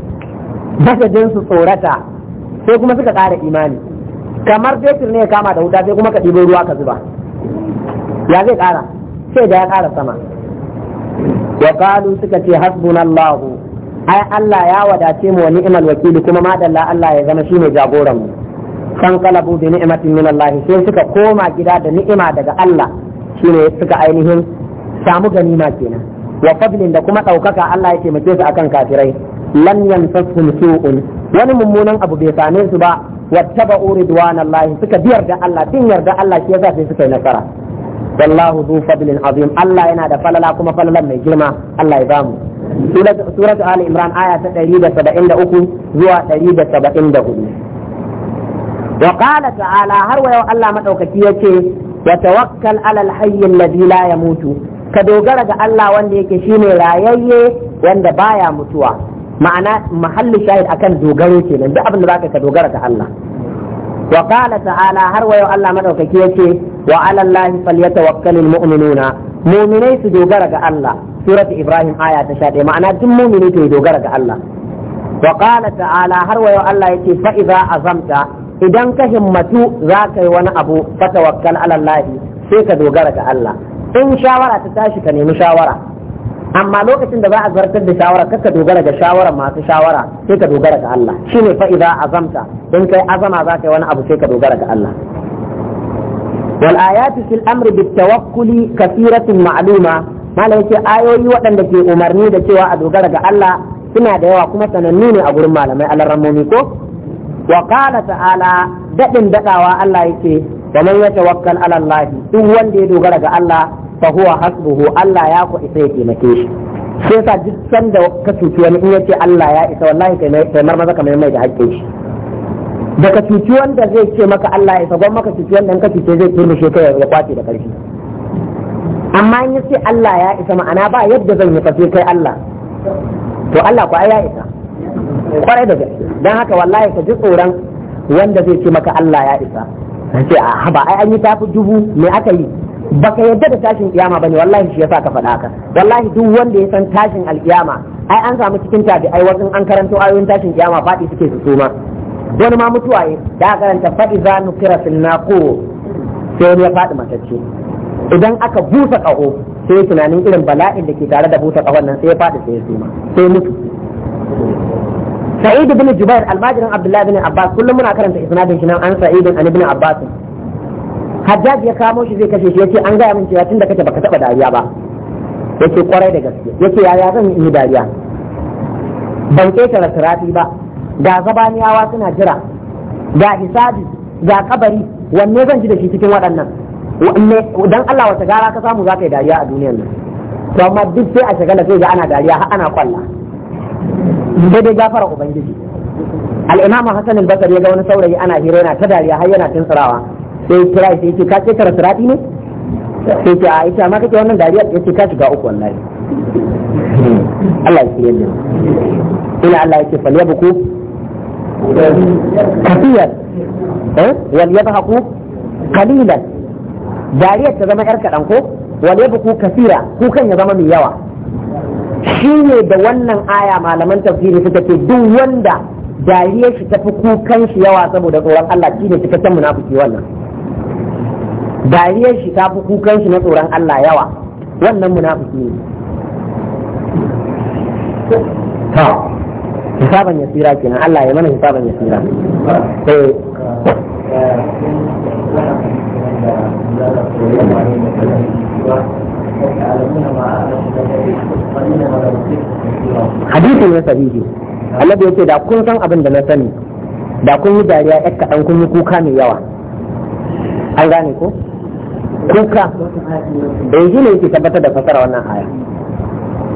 basajin su tsorata sai kuma suka ƙara imani kamar fetur ne ya kama da wuta sai kuma ka ɗibo ruwa ka zuba ya zai ƙara sai da ya ƙara sama wa qalu suka ce hasbunallahu ai Allah ya wadace mu wa ni'mal wakili kuma madalla Allah ya zama shine jagoran mu kan kalabu bi ni'matin min Allah sai suka koma gida da ni'ima daga Allah shine suka ainihin samu ganima kenan wa fadlin da kuma ɗaukaka Allah ya taimake su akan kafirai lam yansasuhum su'un wani mummunan abu bai same su ba wattaba'u ridwanallahi suka biyar da Allah din yarda Allah shi yasa sai suka yi nasara wallahu zu fadlin azim Allah yana da falala kuma falalan mai girma Allah ya bamu suratu ali imran aya ta 173 zuwa 174 wa qala ta'ala har wa yau Allah ya yace wa tawakkal ala al-hayy alladhi la ka dogara ga Allah wanda yake shine rayayye wanda baya mutuwa ma'ana mahallu shahid akan dogaro kenan duk abin da zaka ka dogara ga Allah wa ta'ala har yau Allah yace wa ala mu'minuna mu'minai su dogara ga Allah suratu ibrahim aya ta 11 ma'ana duk mumini to ya dogara ga Allah wa ta'ala har wayo Allah ya ce fa'iza azamta idan ka himmatu za ka yi wani abu fa tawakkal ala sai ka dogara ga Allah in shawara ta tashi ka nemi shawara amma lokacin da za a zartar da shawara kaka dogara ga shawara masu shawara sai ka dogara ga Allah shine fa idza azamta in kai azama za ka wani abu sai ka dogara ga Allah والآيات في wakuli بالتوكل كثيرة معلومة malam ce ayoyi waɗanda ke umarni da cewa a dogara ga Allah suna da yawa kuma sananni ne a gurin malamai alarramomi ko wa qala ta'ala dadin dadawa Allah yake wa man yatawakkal ala Allah duk wanda ya dogara ga Allah fa huwa hasbuhu Allah ya ku isa ya taimake shi sai sa duk sanda ka cuci wani in yace Allah ya isa wallahi kai mar maza kamar mai da hakke shi daga cuci wanda zai ce maka Allah ya isa gwamma maka cuci wanda in ka cuce zai turmushe kai ya kwace da karfi amma in yace Allah ya isa ma'ana ba yadda zan yi fafe kai Allah to Allah ko ai ya isa kwarai da gaske dan haka wallahi ka ji tsoron wanda zai ce maka Allah ya isa sai ce a ah, ba ai an yi tafi dubu me aka yi baka yadda da tashin kiyama bane wallahi shi yasa ka faɗa haka wallahi duk wanda ya san tashin alkiyama ai an samu cikin tabi ai wasu an karanto ayoyin tashin kiyama faɗi suke su suma wani ma mutuwa da karanta faɗi za nukira fil ko sai ya faɗi matacce idan aka busa ƙaho sai tunanin irin bala'in da ke tare da busa ƙahon nan sai ya fadi sai ya suma sai mutu sa'id ibn jubair almajirin abdullahi ibn abbas kullum muna karanta isnadin shi nan an sa'id an ibn abbas hajjaj ya kamo shi zai kashe shi yace an gaya min cewa tunda kake baka taba dariya ba yace kwarai da gaske yace yaya zan yi dariya ban ketare sirati ba ga zabaniyawa suna jira ga hisabi ga kabari wanne zan ji da shi cikin waɗannan dan Allah wata gara ka samu za ka yi dariya a duniyar nan to amma duk sai a shagala sai ga ana dariya har ana kwalla sai dai gafara ubangiji al-imamu hasan al-basri ya ga wani saurayi ana hira yana ta dariya har yana tinsirawa sai kira sai ce ka ce tara sirati ne sai ce a ita amma kake wannan dariya yace ka shiga uku wallahi Allah ya kiyaye mu Ina Allah yake falyabku kafiyar eh wal yadhaku qalilan dariyar ta zama yar kaɗan ko wal yabku kasira kukan ya zama mai yawa shi ne da wannan aya malaman tafsiri suka ce duk wanda dariyar shi ta fi kukan shi yawa saboda tsoron Allah shi ne cikakken munafiki wannan dariyar shi ta fi kukan shi na tsoron Allah yawa wannan munafiki ne ta hisaban yasira kenan Allah ya mana hisaban yasira eh hadisin ya Allah ya yake da kun san abin da na sani da kun yi dariya ya kaɗan kun yi kuka mai yawa an gane ko kuka da yanzu ne yake tabbatar da fasara wannan aya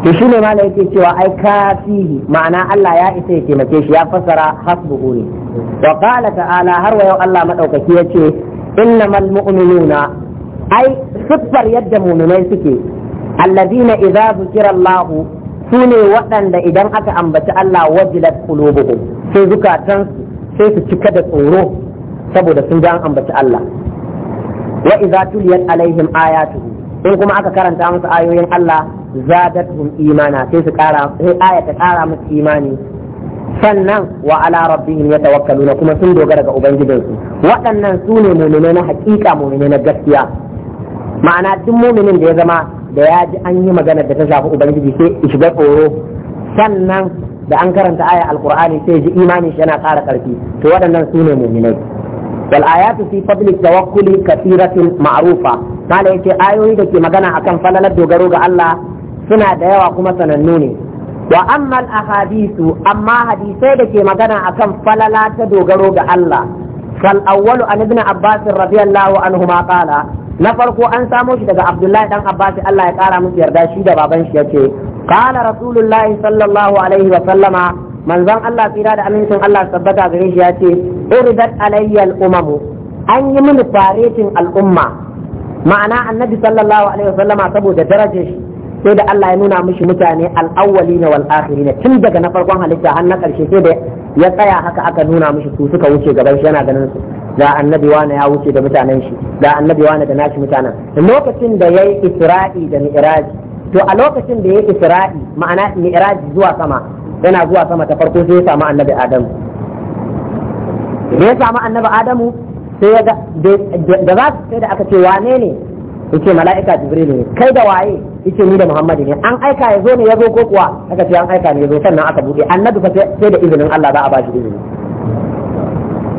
to shi ne na yake cewa ai kafihi ma'ana Allah ya isa ya taimake shi ya fasara hasbuhu ne wa qala ta'ala har wa yau Allah madaukaki ce. innamal mu'minuna ai siffar yadda mu'minai suke allazina idza zukira Allahu sune waɗanda idan aka ambaci Allah wajilat qulubuhum sai zukatan sai su cika da tsoro saboda sun ga ambaci Allah wa idza tuliyat alaihim ayatuhu in kuma aka karanta musu ayoyin Allah zadatuhum imana sai su kara sai aya ta kara musu imani sannan wa ala rabbihim yatawakkaluna kuma sun dogara ga ubangijinsu waɗannan su ne mu'minai na hakika mu'minai na gaskiya ma'ana duk mu'minin da ya zama da ya ji an yi magana da ta shafi ubangiji sai shiga tsoro sannan da an karanta aya alqur'ani sai ji imani shi yana ƙara ƙarfi to waɗannan su ne mu'minai wal ayatu fi fadli tawakkuli kathiratun ma'rufa mala yace ayoyi da ke magana akan falalar dogaro ga Allah suna da yawa kuma sanannu ne wa ammal ahadisu amma hadisai da ke magana akan falala ta dogaro ga Allah fal awwalu an ibn abbas radiyallahu anhu ma qala na farko an samo shi daga abdullahi dan abbas Allah ya kara musu yarda shi da baban shi yace qala rasulullahi sallallahu alaihi wa sallama manzon Allah tsira da amincin Allah sabbata gare shi yace uridat alayya al-umam an yi mini faretin al'umma ma'ana annabi sallallahu alaihi wa sallama saboda darajar shi sai da Allah ya nuna mishi mutane al'awwali na wal akhiri tun daga na farkon halitta har na karshe sai da ya tsaya haka aka nuna mishi su suka wuce gaban shi yana ganin su da annabi wani ya wuce da mutanen shi da annabi wani da nashi mutanen lokacin da ya yi isra'i da mi'raji to a lokacin da ya yi isra'i ma'ana mi'raji zuwa sama yana zuwa sama ta farko sai ya samu annabi adamu da ya samu annabi adamu sai ya ga da za su sai da aka ce wane ne yace mala'ika jibril ne kai da waye yace ni da muhammadu ne an aika ya zo ne ya zo ko kuwa aka ce an aika ne ya zo sannan aka bude annabi fa sai da izinin Allah za a ba shi izini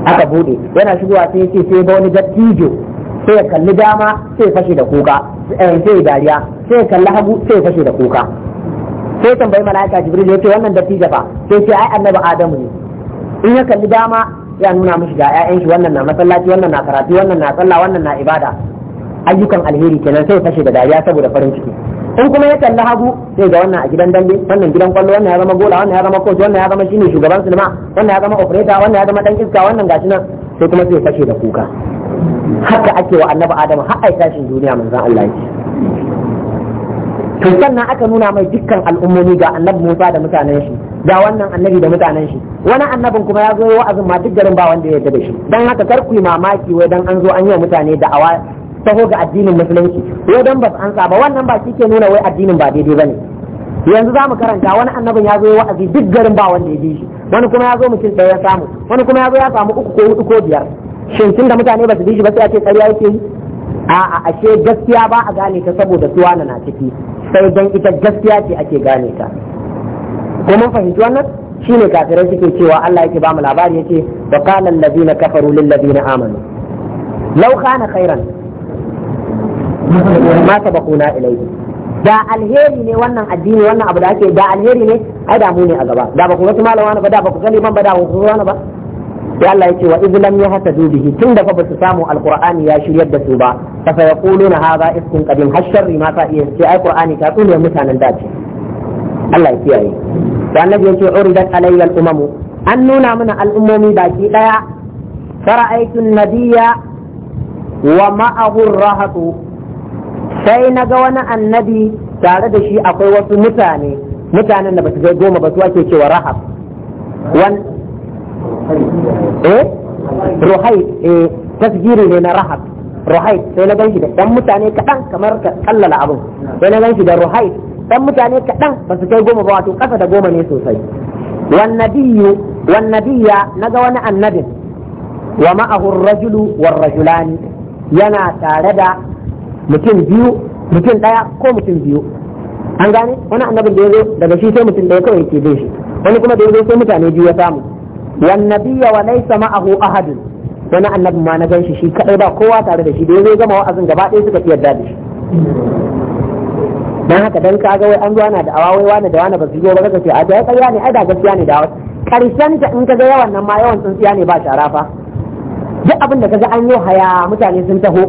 aka bude yana shigowa sai yace sai ba wani dattijo sai ya kalli dama sai ya fashe da kuka eh, sai ya dariya sai ya kalli hagu sai ya fashe da kuka sai tambayi mala'ika jibril yace wannan dattijo fa sai ce ai annabi adamu ne in ya kalli dama ya nuna mishi ga 'ya'yan shi wannan na masallaci wannan na karatu wannan na sallah wannan na ibada ayyukan alheri kenan sai fashe da dariya saboda farin ciki in kuma ya kalli hagu sai ga wannan a gidan dambe wannan gidan kwallo wannan ya zama gola wannan ya zama coach wannan ya zama shine shugaban sinima wannan ya zama operator wannan ya zama dan iska wannan gashi nan sai kuma sai fashe da kuka haka ake wa annabi adam har ai tashin duniya manzon Allah yake to sannan aka nuna mai dukkan al'ummomi ga annabi Musa da mutanen shi ga wannan annabi da mutanen shi wani annabin kuma ya zo wa'azin ma duk garin ba wanda ya yarda da shi dan haka kar ku yi mamaki wai dan an zo an yi mutane da'awa taho ga addinin musulunci ko dan ba su ansa ba wannan ba shi ke nuna wai addinin ba daidai bane yanzu za mu karanta wani annabin ya zo ya wa'azi duk garin ba wanda ya bi shi wani kuma ya zo mutum ɗaya ya samu wani kuma ya zo ya samu uku ko hudu ko biyar shin tun da mutane ba su bi shi ba sai a ce ƙarya yake yi a'a ashe gaskiya ba a gane ta saboda Suwa na na ciki sai dan ita gaskiya ce ake gane ta ko mun fahimci wannan shine kafirai suke cewa Allah yake ba mu labari yace wa qala allazina kafaru lil ladina amanu law kana khairan ma sabaquna ilayhi da alheri ne wannan addini wannan abu da ake da alheri ne ai da mu ne a gaba da ba ku wasu malama ba da ba ku gani ban ba da ku wani ba sai Allah ya ce wa idh lam yahtadu bihi tunda fa su samu alqur'ani ya shiryar da su ba fa sayaquluna hadha iskun qadim hasharri ma ta iya ce ai qur'ani ta tsune mutanen da ce Allah ya kiyaye da annabi ya ce uridat alayya al-umam an nuna mana al'ummomi baki daya fara'aytu an-nabiyya wa ma'ahu ar-rahatu sai na ga wani annabi tare da shi akwai wasu mutane mutanen da ba su kai goma ba su ake cewa rahab wan eh ruhai eh tasgiri ne na rahab ruhai sai na ganshi da dan mutane kadan kamar ka kallala abin sai na ganshi da ruhai dan mutane kadan ba su kai goma ba wato kasa da goma ne sosai wan nabiyyu wan nabiyya naga wani annabin wa ma'ahu ar-rajulu war-rajulani yana tare da mutum biyu mutum ɗaya ko mutum biyu an gane wani annabin da ya zo daga shi sai mutum ɗaya kawai ke bin shi wani kuma da ya zo sai mutane biyu ya samu wan nabiyya wa laysa ma'ahu ahadun wani annabin ma na gan shi shi kadai ba kowa tare da shi da ya zo gama wa'azin gaba ɗaya suka fi yarda da shi dan haka dan kaga wai an zo ana da awawai wani da wani ba su zo ba kace a da ƙarya ne ai da gaskiya ne da awai karshen ta in ga yawan nan ma yawan tsintsiya ne ba sharafa duk abin da kaga an yi haya mutane sun taho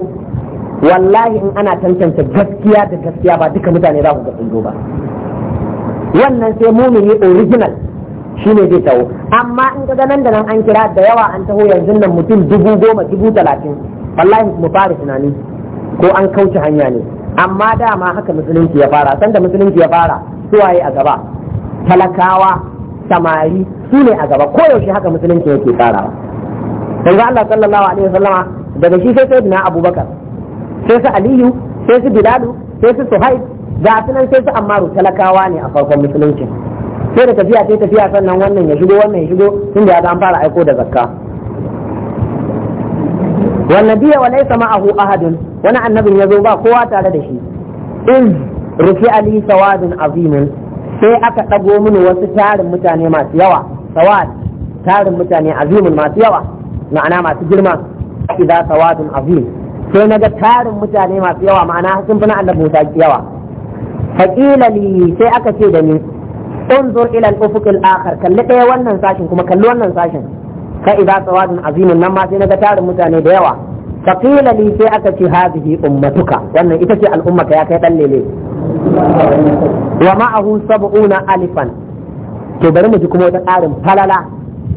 wallahi in ana tantance gaskiya da gaskiya ba duka mutane za ku ga sun ba wannan sai mumini original shi ne zai taho amma in ka nan da nan an kira da yawa an taho yanzu nan mutum dubu goma dubu talatin wallahi mu fara tunani ko an kauce hanya ne amma dama haka musulunci ya fara sanda musulunci ya fara suwaye a gaba talakawa samari su ne a gaba koyaushe haka musulunci yake fara yanzu Allah sallallahu alaihi wasallama daga shi sai sayyidina Abubakar sai su aliyu sai su bilalu sai su suhaib ga su nan sai su ammaru talakawa ne a farkon musulunci sai da tafiya sai tafiya sannan wannan ya shigo wannan ya shigo tun da ya an fara aiko da zakka wannan biya wa laysa ma'ahu ahadun wani annabin ya zo ba kowa tare da shi in rufi ali sawadun azimin sai aka ɗago mini wasu tarin mutane masu yawa sawad tarin mutane azimin masu yawa ma'ana masu girma idza sawadun azim sai na ga tarin mutane masu yawa ma'ana sun fi na annabi Musa yawa faqila li sai aka ce da ni unzur ila al-ufuq akhar kalli ɗaya wannan sashin kuma kalli wannan sashin fa idza sawadun azimun nan ma sai na ga tarin mutane da yawa faqila li sai aka ce hadhihi ummatuka wannan ita ce al'ummaka ya kai dan lele wa ma'ahu sab'una alifan to bari mu ji kuma wata ƙarin falala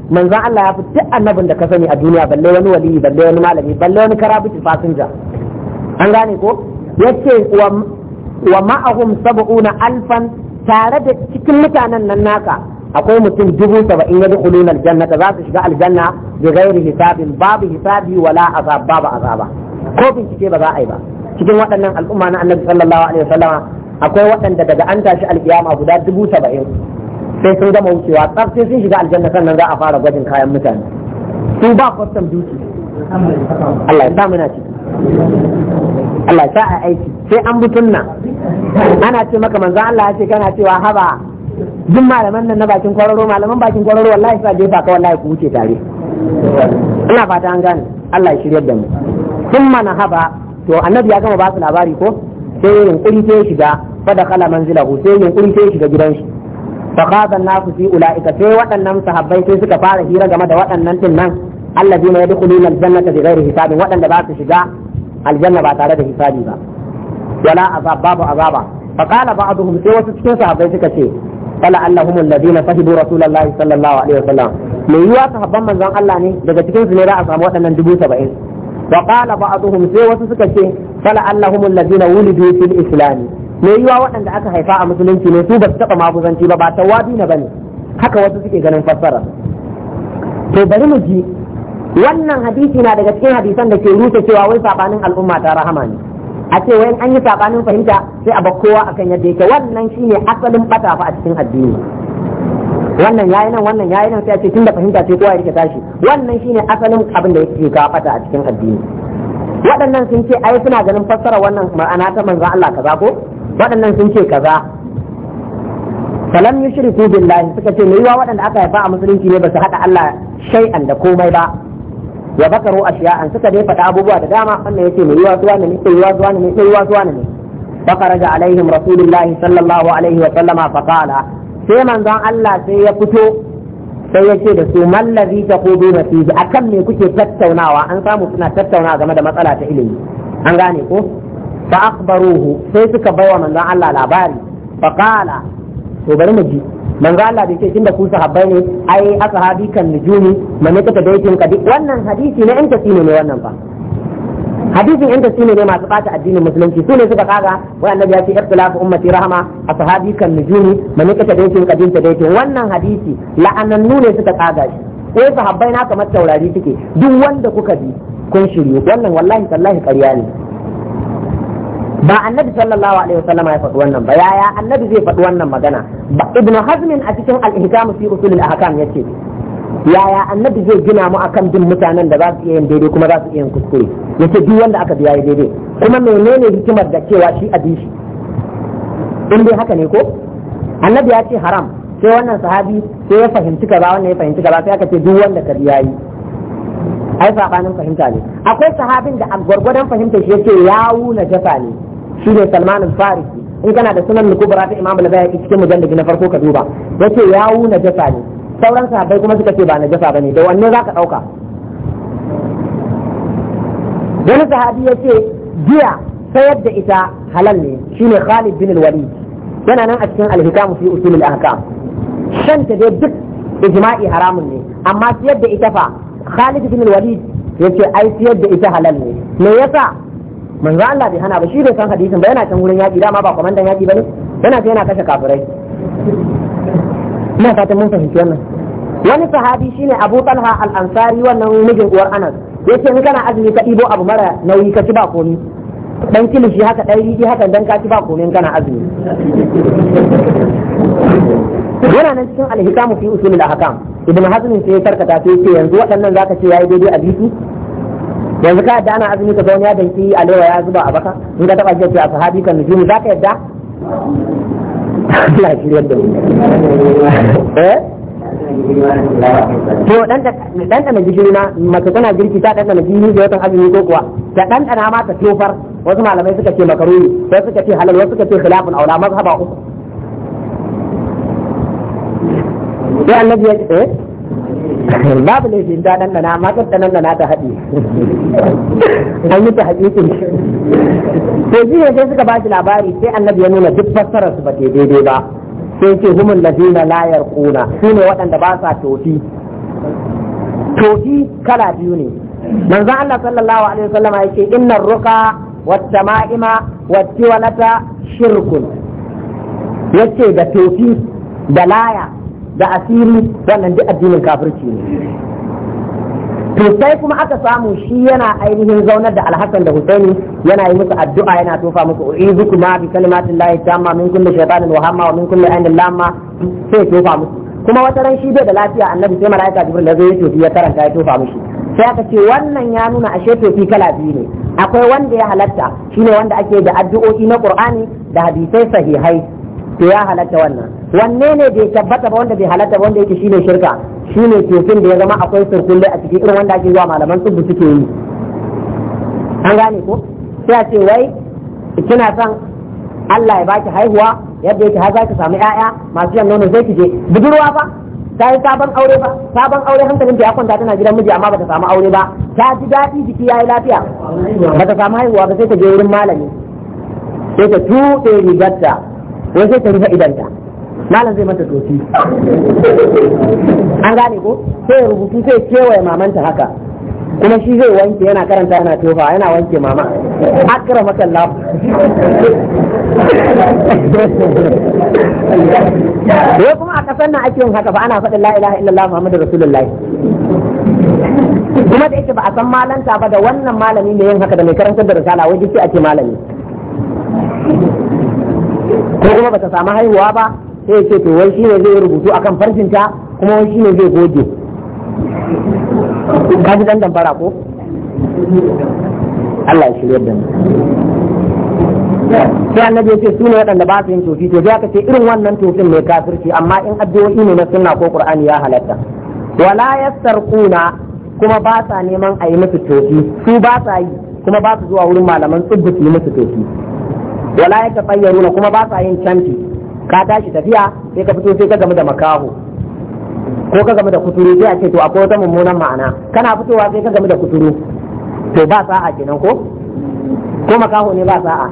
manzon Allah ya fi duk annabin da ka sani a duniya balle wani waliyi balle wani malami balle wani karabitin fasinja an gane ko yace wa ma'ahum sab'una alfan tare da cikin mutanen nan naka akwai mutum dubu saba'in ya na aljanna za su shiga aljanna bi ghairi hisabin babu hisabi wala azab babu azaba ko bincike ba za a yi ba cikin waɗannan al'umma na annabi sallallahu alaihi wasallam akwai waɗanda daga an tashi alkiyama guda dubu saba'in sai sun gama wucewa tsaf sai sun shiga aljanna sannan za a fara gwajin kayan mutane su ba custom duty Allah ya sa muna ciki Allah ya sa a aiki sai an bi nan ana ce maka manzo Allah ya ce kana cewa haba duk malaman nan na bakin kwararo malaman bakin kwararo wallahi sa jefa ka wallahi ku wuce tare ina fata an gane Allah ya shirya da mu sun mana haba to annabi ya gama ba su labari ko sai yunkuri sai shiga fa da kala manzilahu sai yunkuri sai shiga gidan shi faqada an-nasu fi ulaika sai waɗannan sahabbai sai suka fara hira game da waɗannan din nan alladheena yadkhuluna al-jannata bighairi hisabin waɗanda ba su shiga aljanna ba tare da hisabi ba wala azab babu azaba faqala ba'dhum sai wasu cikin sahabbai suka ce fala allahum alladheena sahibu rasulullahi sallallahu alaihi wasallam me yiwa sahabban manzon Allah ne daga cikin su ne za a samu waɗannan dubu saba'in wa qala ba'dhum wasu suka ce fala wulidu fil islam me yiwa waɗanda aka haifa a musulunci ne su ba su taɓa maguzanci ba ba wabi na bane haka wasu suke ganin fassara to bari mu ji wannan hadisi na daga cikin hadisan da ke rusa cewa wai sabanin al'umma ta rahama ne a ce wai an yi sabanin fahimta sai a ba kowa akan yadda yake wannan shine asalin bata fa a cikin addini wannan yayi nan wannan yayi nan sai a ce tunda fahimta sai kowa ya rike tashi wannan shine asalin abin da yake ka ɓata a cikin addini waɗannan sun ce ai suna ganin fassara wannan ma'ana ta manzon Allah kaza ko waɗannan sun ce kaza falam yushriku billahi suka ce mai yiwa waɗanda aka haifa a musulunci ne ba su haɗa Allah shay'an da komai ba wa bakaru ashiya'an suka dai faɗa abubuwa da dama wannan yace mai yiwa zuwa ne mai yiwa zuwa ne mai yiwa zuwa ne فخرج عليهم رسول الله sallallahu الله wa sallama فقال sai manzon Allah sai ya fito sai yace da su mallazi ta kudu na fi akan me kuke tattaunawa an samu suna tattaunawa game da matsala ta ilimi an gane ko fa akhbaruhu sai suka baiwa manzon Allah labari fa qala bari mu ji manzo Allah bai ce tunda ku sahabbai ne ai ashabi kan nujumi man yake baitin kadi wannan hadisi na yan tasini ne wannan fa hadisin yan tasini ne masu bata addinin musulunci su ne suka kaga wai annabi ya ce ikhtilafu ummati rahma ashabi kan nujumi man yake baitin kadin wannan la'anannu ne suka kaga shi wai sahabbai na kamar taurari suke duk wanda kuka bi kun shiryu wannan wallahi tallahi ƙarya ne ba annabi sallallahu alaihi wasallam ya faɗi wannan ba yaya annabi zai faɗi wannan magana ba ibnu hazmin a cikin al-ihkam fi usul al-ahkam yace yaya annabi zai gina mu akan bin mutanen da za su iya yin daidai kuma za su iya kuskure yace duk wanda aka biya daidai kuma menene hikimar da cewa shi a dishi? in dai haka ne ko annabi ya ce haram sai wannan sahabi sai ya fahimci kaza wannan ya fahimci kaza sai aka ce duk wanda ka biya yi ai sabanin fahimta ne akwai sahabin da gwargwadon fahimta shi yake yawu na jafa ne shi ne Salman farisi in kana da sunan kubra ta Imam al-Bayhaqi cikin mujallad na farko ka duba yace yawu na jafa ne sauran sahabbai kuma suka ce ba na jafa bane da wanne zaka dauka wani sahabi yace jiya sayar da ita halal ne shine Khalid bin al-Walid yana nan a cikin al-hikam fi usul al-ahkam shan ta dai duk ijma'i haramun ne amma siyar da ita fa Khalid bin Walid yace ai siyar da ita halal ne me yasa manzo Allah bai hana ba shi bai san hadisin ba yana can wurin yaki dama ba komandan yaki bane yana ta yana kashe kafirai ina fatan mun fahimci wannan wani sahabi shine Abu Talha al-Ansari wannan mijin uwar Anas yace in kana azumi ka ibo abu mara nauyi ka ci ba komi dan kilishi haka dan rigi haka dan ka ci ba komi kana azumi yana nan cikin alhikamu fi usulul ahkam ibn hazm sai ya karkata sai ce yanzu waɗannan zaka ce yayi daidai a bisu yanzu ka yadda ana azumi ka zo wani ya danki alewa ya zuba a baka in ka taba jiya ce a sahabi kan nujumi zaka yadda Allah shi yadda eh to dan dan dan jigiri na mace tana girki ta dan dan jigiri da watan azumi ko kuwa ta dan dan ma ta tofar wasu malamai suka ce makaruni sai suka ce halal wasu suka ce khilafun aula mazhaba uku sai annabi ya ce eh? babu laifin ta nan da na amma ta nan da na ta haɗi an yi ta haƙiƙin to shi ne sai suka ba shi labari sai annabi ya nuna duk fassarar su ba ke daidai ba sai ce humun lazina layar kuna su ne waɗanda ba sa tofi tofi kala biyu ne manzo Allah sallallahu alaihi wasallam ya ce innar ruqa wat tama'ima wat tiwalata shirkun yace da tofi da laya da asiri wannan duk addinin kafirci ne to sai kuma aka samu shi yana ainihin zaunar da alhassan da husaini yana yi musu addu'a yana tofa musu uizu kuma bi kalimatin lahi tamma min kulli shaytanin wa hamma wa min kulli ainin lamma sai tofa musu kuma wata ran shi bai da lafiya annabi sai malaika jibril da yi tofi ya karanta ya tofa musu. sai aka ce wannan ya nuna ashe tofi kala biyu ne akwai wanda ya halatta shine wanda ake da addu'o'i na qur'ani da hadisai sahihai to ya halatta wannan wanne ne bai tabbata ba wanda bai halatta ba wanda yake shine shirka shine kefin da ya zama akwai surkulle a cikin irin wanda ake zuwa malaman su suke yi an gane ko sai a ce wai kina son Allah ya baki haihuwa yadda yake har za ki samu yaya, masu yan nono zai ki je budurwa fa ta yi sabon aure ba sabon aure hankalinta ya kwanta tana gidan miji amma bata samu aure ba ta ji daɗi jiki ya yi lafiya bata samu haihuwa ba sai ta je wurin malami sai ta tuɗe rigarta wai sai ta rufe idanta malam zai mata tofi an gane ko sai ya rubutu sai kewaye mamanta haka kuma shi zai wanke yana karanta yana tofa yana wanke mama akira maka lab ya kuma a kasar nan ake yin haka ba ana faɗin la ilaha illallah muhammadu rasulullahi kuma da yake ba a san malanta ba da wannan malami ne yin haka da mai karanta da risala wai duk a ce malami ko kuma bata samu haihuwa ba sai ce to wai shine zai rubutu akan ta kuma wai shine zai goge ka ji dan dambara ko Allah ya shirya da mu sai annabi ya ce su ne waɗanda ba su yin tofi to ka ce irin wannan tofin mai kafirci amma in addu'o'i ne na sunna ko qur'ani ya halatta wala yasarquna kuma ba sa neman a yi musu tofi su ba sa yi kuma ba su zuwa wurin malaman tsubbu su yi musu tofi wala ya tafayyaruna kuma ba sa yin canfi ka tashi tafiya sai ka fito sai ka gamu da makaho ko ka gamu da kuturu sai a ce to akwai wata mummunan ma'ana kana fitowa sai ka gamu da kuturu to ba sa'a kenan ko ko makaho ne ba sa'a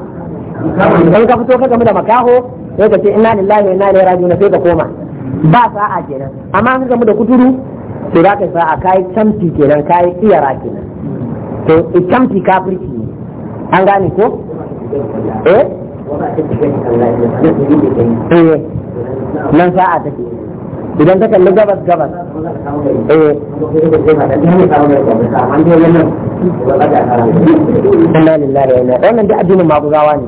in ka fito ka gamu da makaho sai ka ce inna lillahi wa inna ilaihi raji'un sai ka koma ba sa'a kenan amma ka gamu da kuturu to za ka sa'a kai canfi kenan kai iyara kenan to canfi kafirci ne an gane ko eh eh nan sa'a take idan ta kalli gabas gabas eh inna lillahi wa inna da addinin ne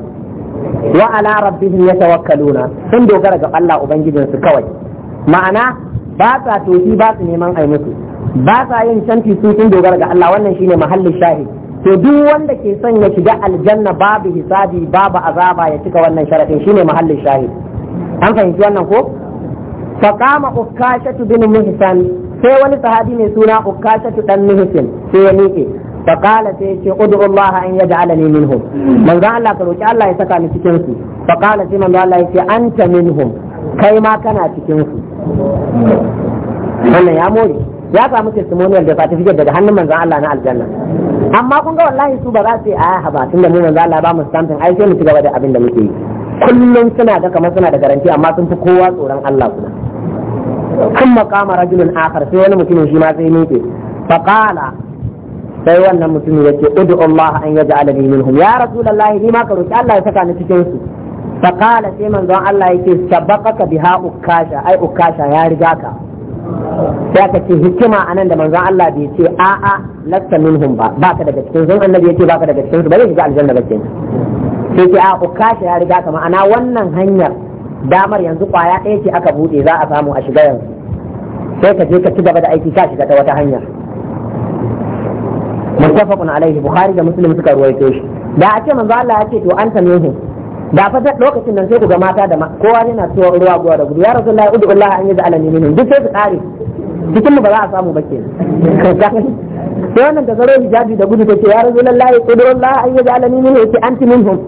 wa ala rabbihim yatawakkaluna sun dogara ga Allah ubangijinsu kawai ma'ana ba sa tofi ba su neman ai musu ba sa yin canti su sun dogara ga Allah wannan shine mahallin shahid to duk wanda ke son ya shiga aljanna babu hisabi babu azaba ya cika wannan sharadin shine mahallin shahid an fahimci wannan ko faqama ukashatu bin muhsan sai wani sahabi mai suna ukashatu dan muhsin sai ya miƙe فقال سيشي minhum manzo allah ka roki allah ya saka ni cikin su fa تكنسو sai manzo Allah ya ce anta minhum kai ma kana cikin su wannan ya more ya samu testimonial da certificate daga hannun manzan Allah na aljanna amma kun ga wallahi su ba za su yi a ah, haba tun da mu zala Allah ba mu stamping ai sai mu ci gaba da abin da muke yi kullum suna da kamar suna da garanti amma sun fi kowa tsoron Allah kuma kun makama rajulun akhar sai wani mutumin shi ma sai fa faqala sai wannan mutumin yace ud'u Allah an yaj'ala li minhum ya rasulullah ni ma ka roki Allah ya saka ni cikin su faqala sai manzon Allah yake sabaqaka biha ukasha ai ukasha ya riga ka ya ka ce hikima a nan da manzon Allah bai ce a'a lasta minhum ba baka daga cikin sun annabi yace baka daga cikin su ba zai shiga aljanna ba kenan sai ce a kashi ya riga ka ma'ana wannan hanyar damar yanzu kwaya ɗaya ce aka bude za a samu a shiga yanzu sai ka je ka ci gaba da aiki ka shiga ta wata hanyar mutafaqun alaihi bukhari da muslim suka ruwaito shi da a ce manzo Allah ya ce to anta minhum da fa lokacin nan sai ku ga mata da kowa yana cewa ruwa gowa da gudu ya rasulullahi ud'u Allah an da ni minhum duk sai su kare cikin mu ba za a samu ba ke sai wannan da zaro hijabi da gudu take ya rasulullahi ud'u Allah an yaj'ala ni minhum yake anti minhum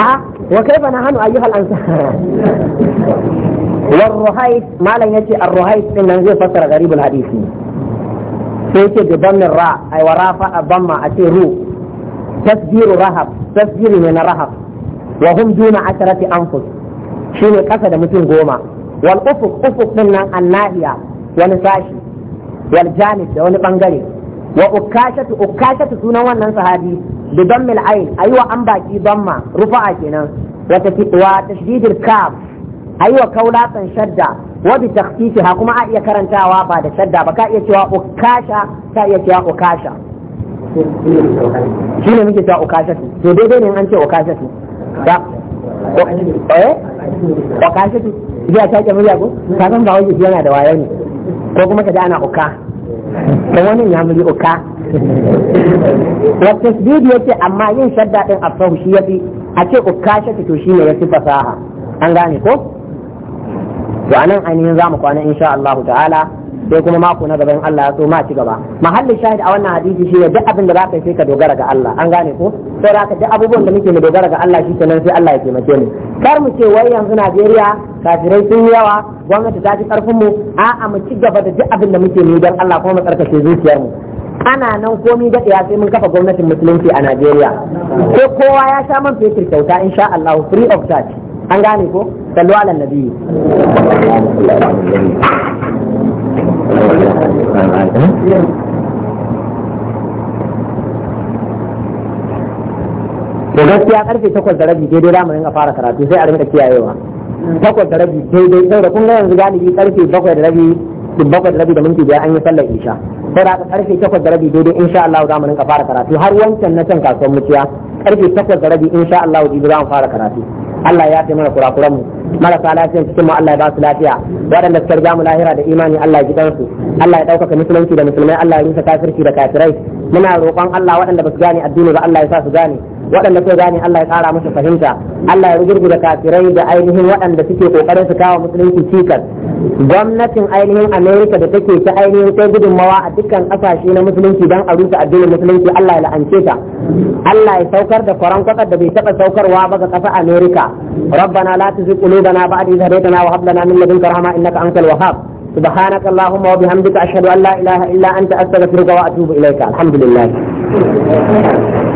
a wa kaifa nahanu ayyuhal ansar wal ruhayt malan yace ar ruhayt din nan zai fassara garibul hadisi sai yake da dammin ra ay wa rafa abamma ace ru tasdiru rahab tasdiru ne na rahab wa hum duna asharati anfus shine kasa da mutum goma wal ufuq ufuq din nan annahiya wani sashi wal janib da wani bangare wa ukashatu ukashatu sunan wannan sahabi bi dammil ayn aywa an baki damma rufa'a kenan wa tashdidil kaf aywa kaulatsan shadda wa bi takhfifiha kuma a iya karantawa ba da shadda ba ka iya cewa ukasha ka iya cewa ukasha shine muke cewa ukashatu to daidai ne an ce ukashatu da eh wa ka shi ya ta ke murya ko ka san ba wai yana da wayo ne ko kuma ka da ana uka to wannan ya muri uka wa tasbidi yace amma yin shadda din afsahu shi yafi a ce uka shi to shine fi fasaha an gane ko to anan ainihin zamu kwana insha Allah ta'ala sai kuma mako na gaban Allah ya so ma ci gaba mahallin shahid a wannan hadisi shi ne duk abin da za ka yi sai ka dogara ga Allah an gane ko sai da duk abubuwan da muke mu dogara ga Allah shi kenan sai Allah ya taimake mu kar mu ce wai yanzu Najeriya kafirai sun yi yawa gwamnati ta ji karfin mu a'a mu ci gaba da duk abin da muke mu don Allah kuma mu tsarkake zuciyar mu ana nan komi da ya sai mun kafa gwamnatin musulunci a Najeriya sai kowa ya sha man fetur kyauta insha Allah free of charge an gane ko sallu ala nabi to gaskiya karfe takwas da rabi daidai mu dinga fara karatu sai a rinka kiyayewa takwas da rabi daidai saboda kun ga yanzu galibi karfe bakwai da rabi duk bakwai da rabi da minti biyar an yi sallar isha saboda haka karfe takwas da rabi daidai insha Allah za mu rinka fara karatu har wancan na can kasuwar muciya karfe takwas da rabi insha Allah za mu fara karatu Allah ya taimaka kurakuran mu marasa lafiya cikin mu Allah ya ba su lafiya waɗanda suka riga mu lahira da imani Allah ya su. Allah ya ɗaukaka musulunci da musulmai Allah ya rusa kafirci da kafirai muna roƙon Allah waɗanda ba su gane addini ba Allah ya sa su gane waɗanda suka gane Allah ya ƙara musu fahimta Allah ya rugurgu da kafirai da ainihin waɗanda suke ƙoƙarin su kawo musulunci cikas gwamnatin ainihin Amerika da take ta ainihin kai gudunmawa a dukkan ƙasashe na musulunci don a rusa addinin musulunci Allah ya la'ance ta Allah ya saukar da kwaran kwatsar da bai taɓa saukarwa ba ga ƙasar Amerika rabbana la tuzigh ذنوبنا بعد إذا هديتنا وهب لنا من لدنك رحمة إنك أنت الوهاب سبحانك اللهم وبحمدك أشهد أن لا إله إلا أنت أستغفرك وأتوب إليك الحمد لله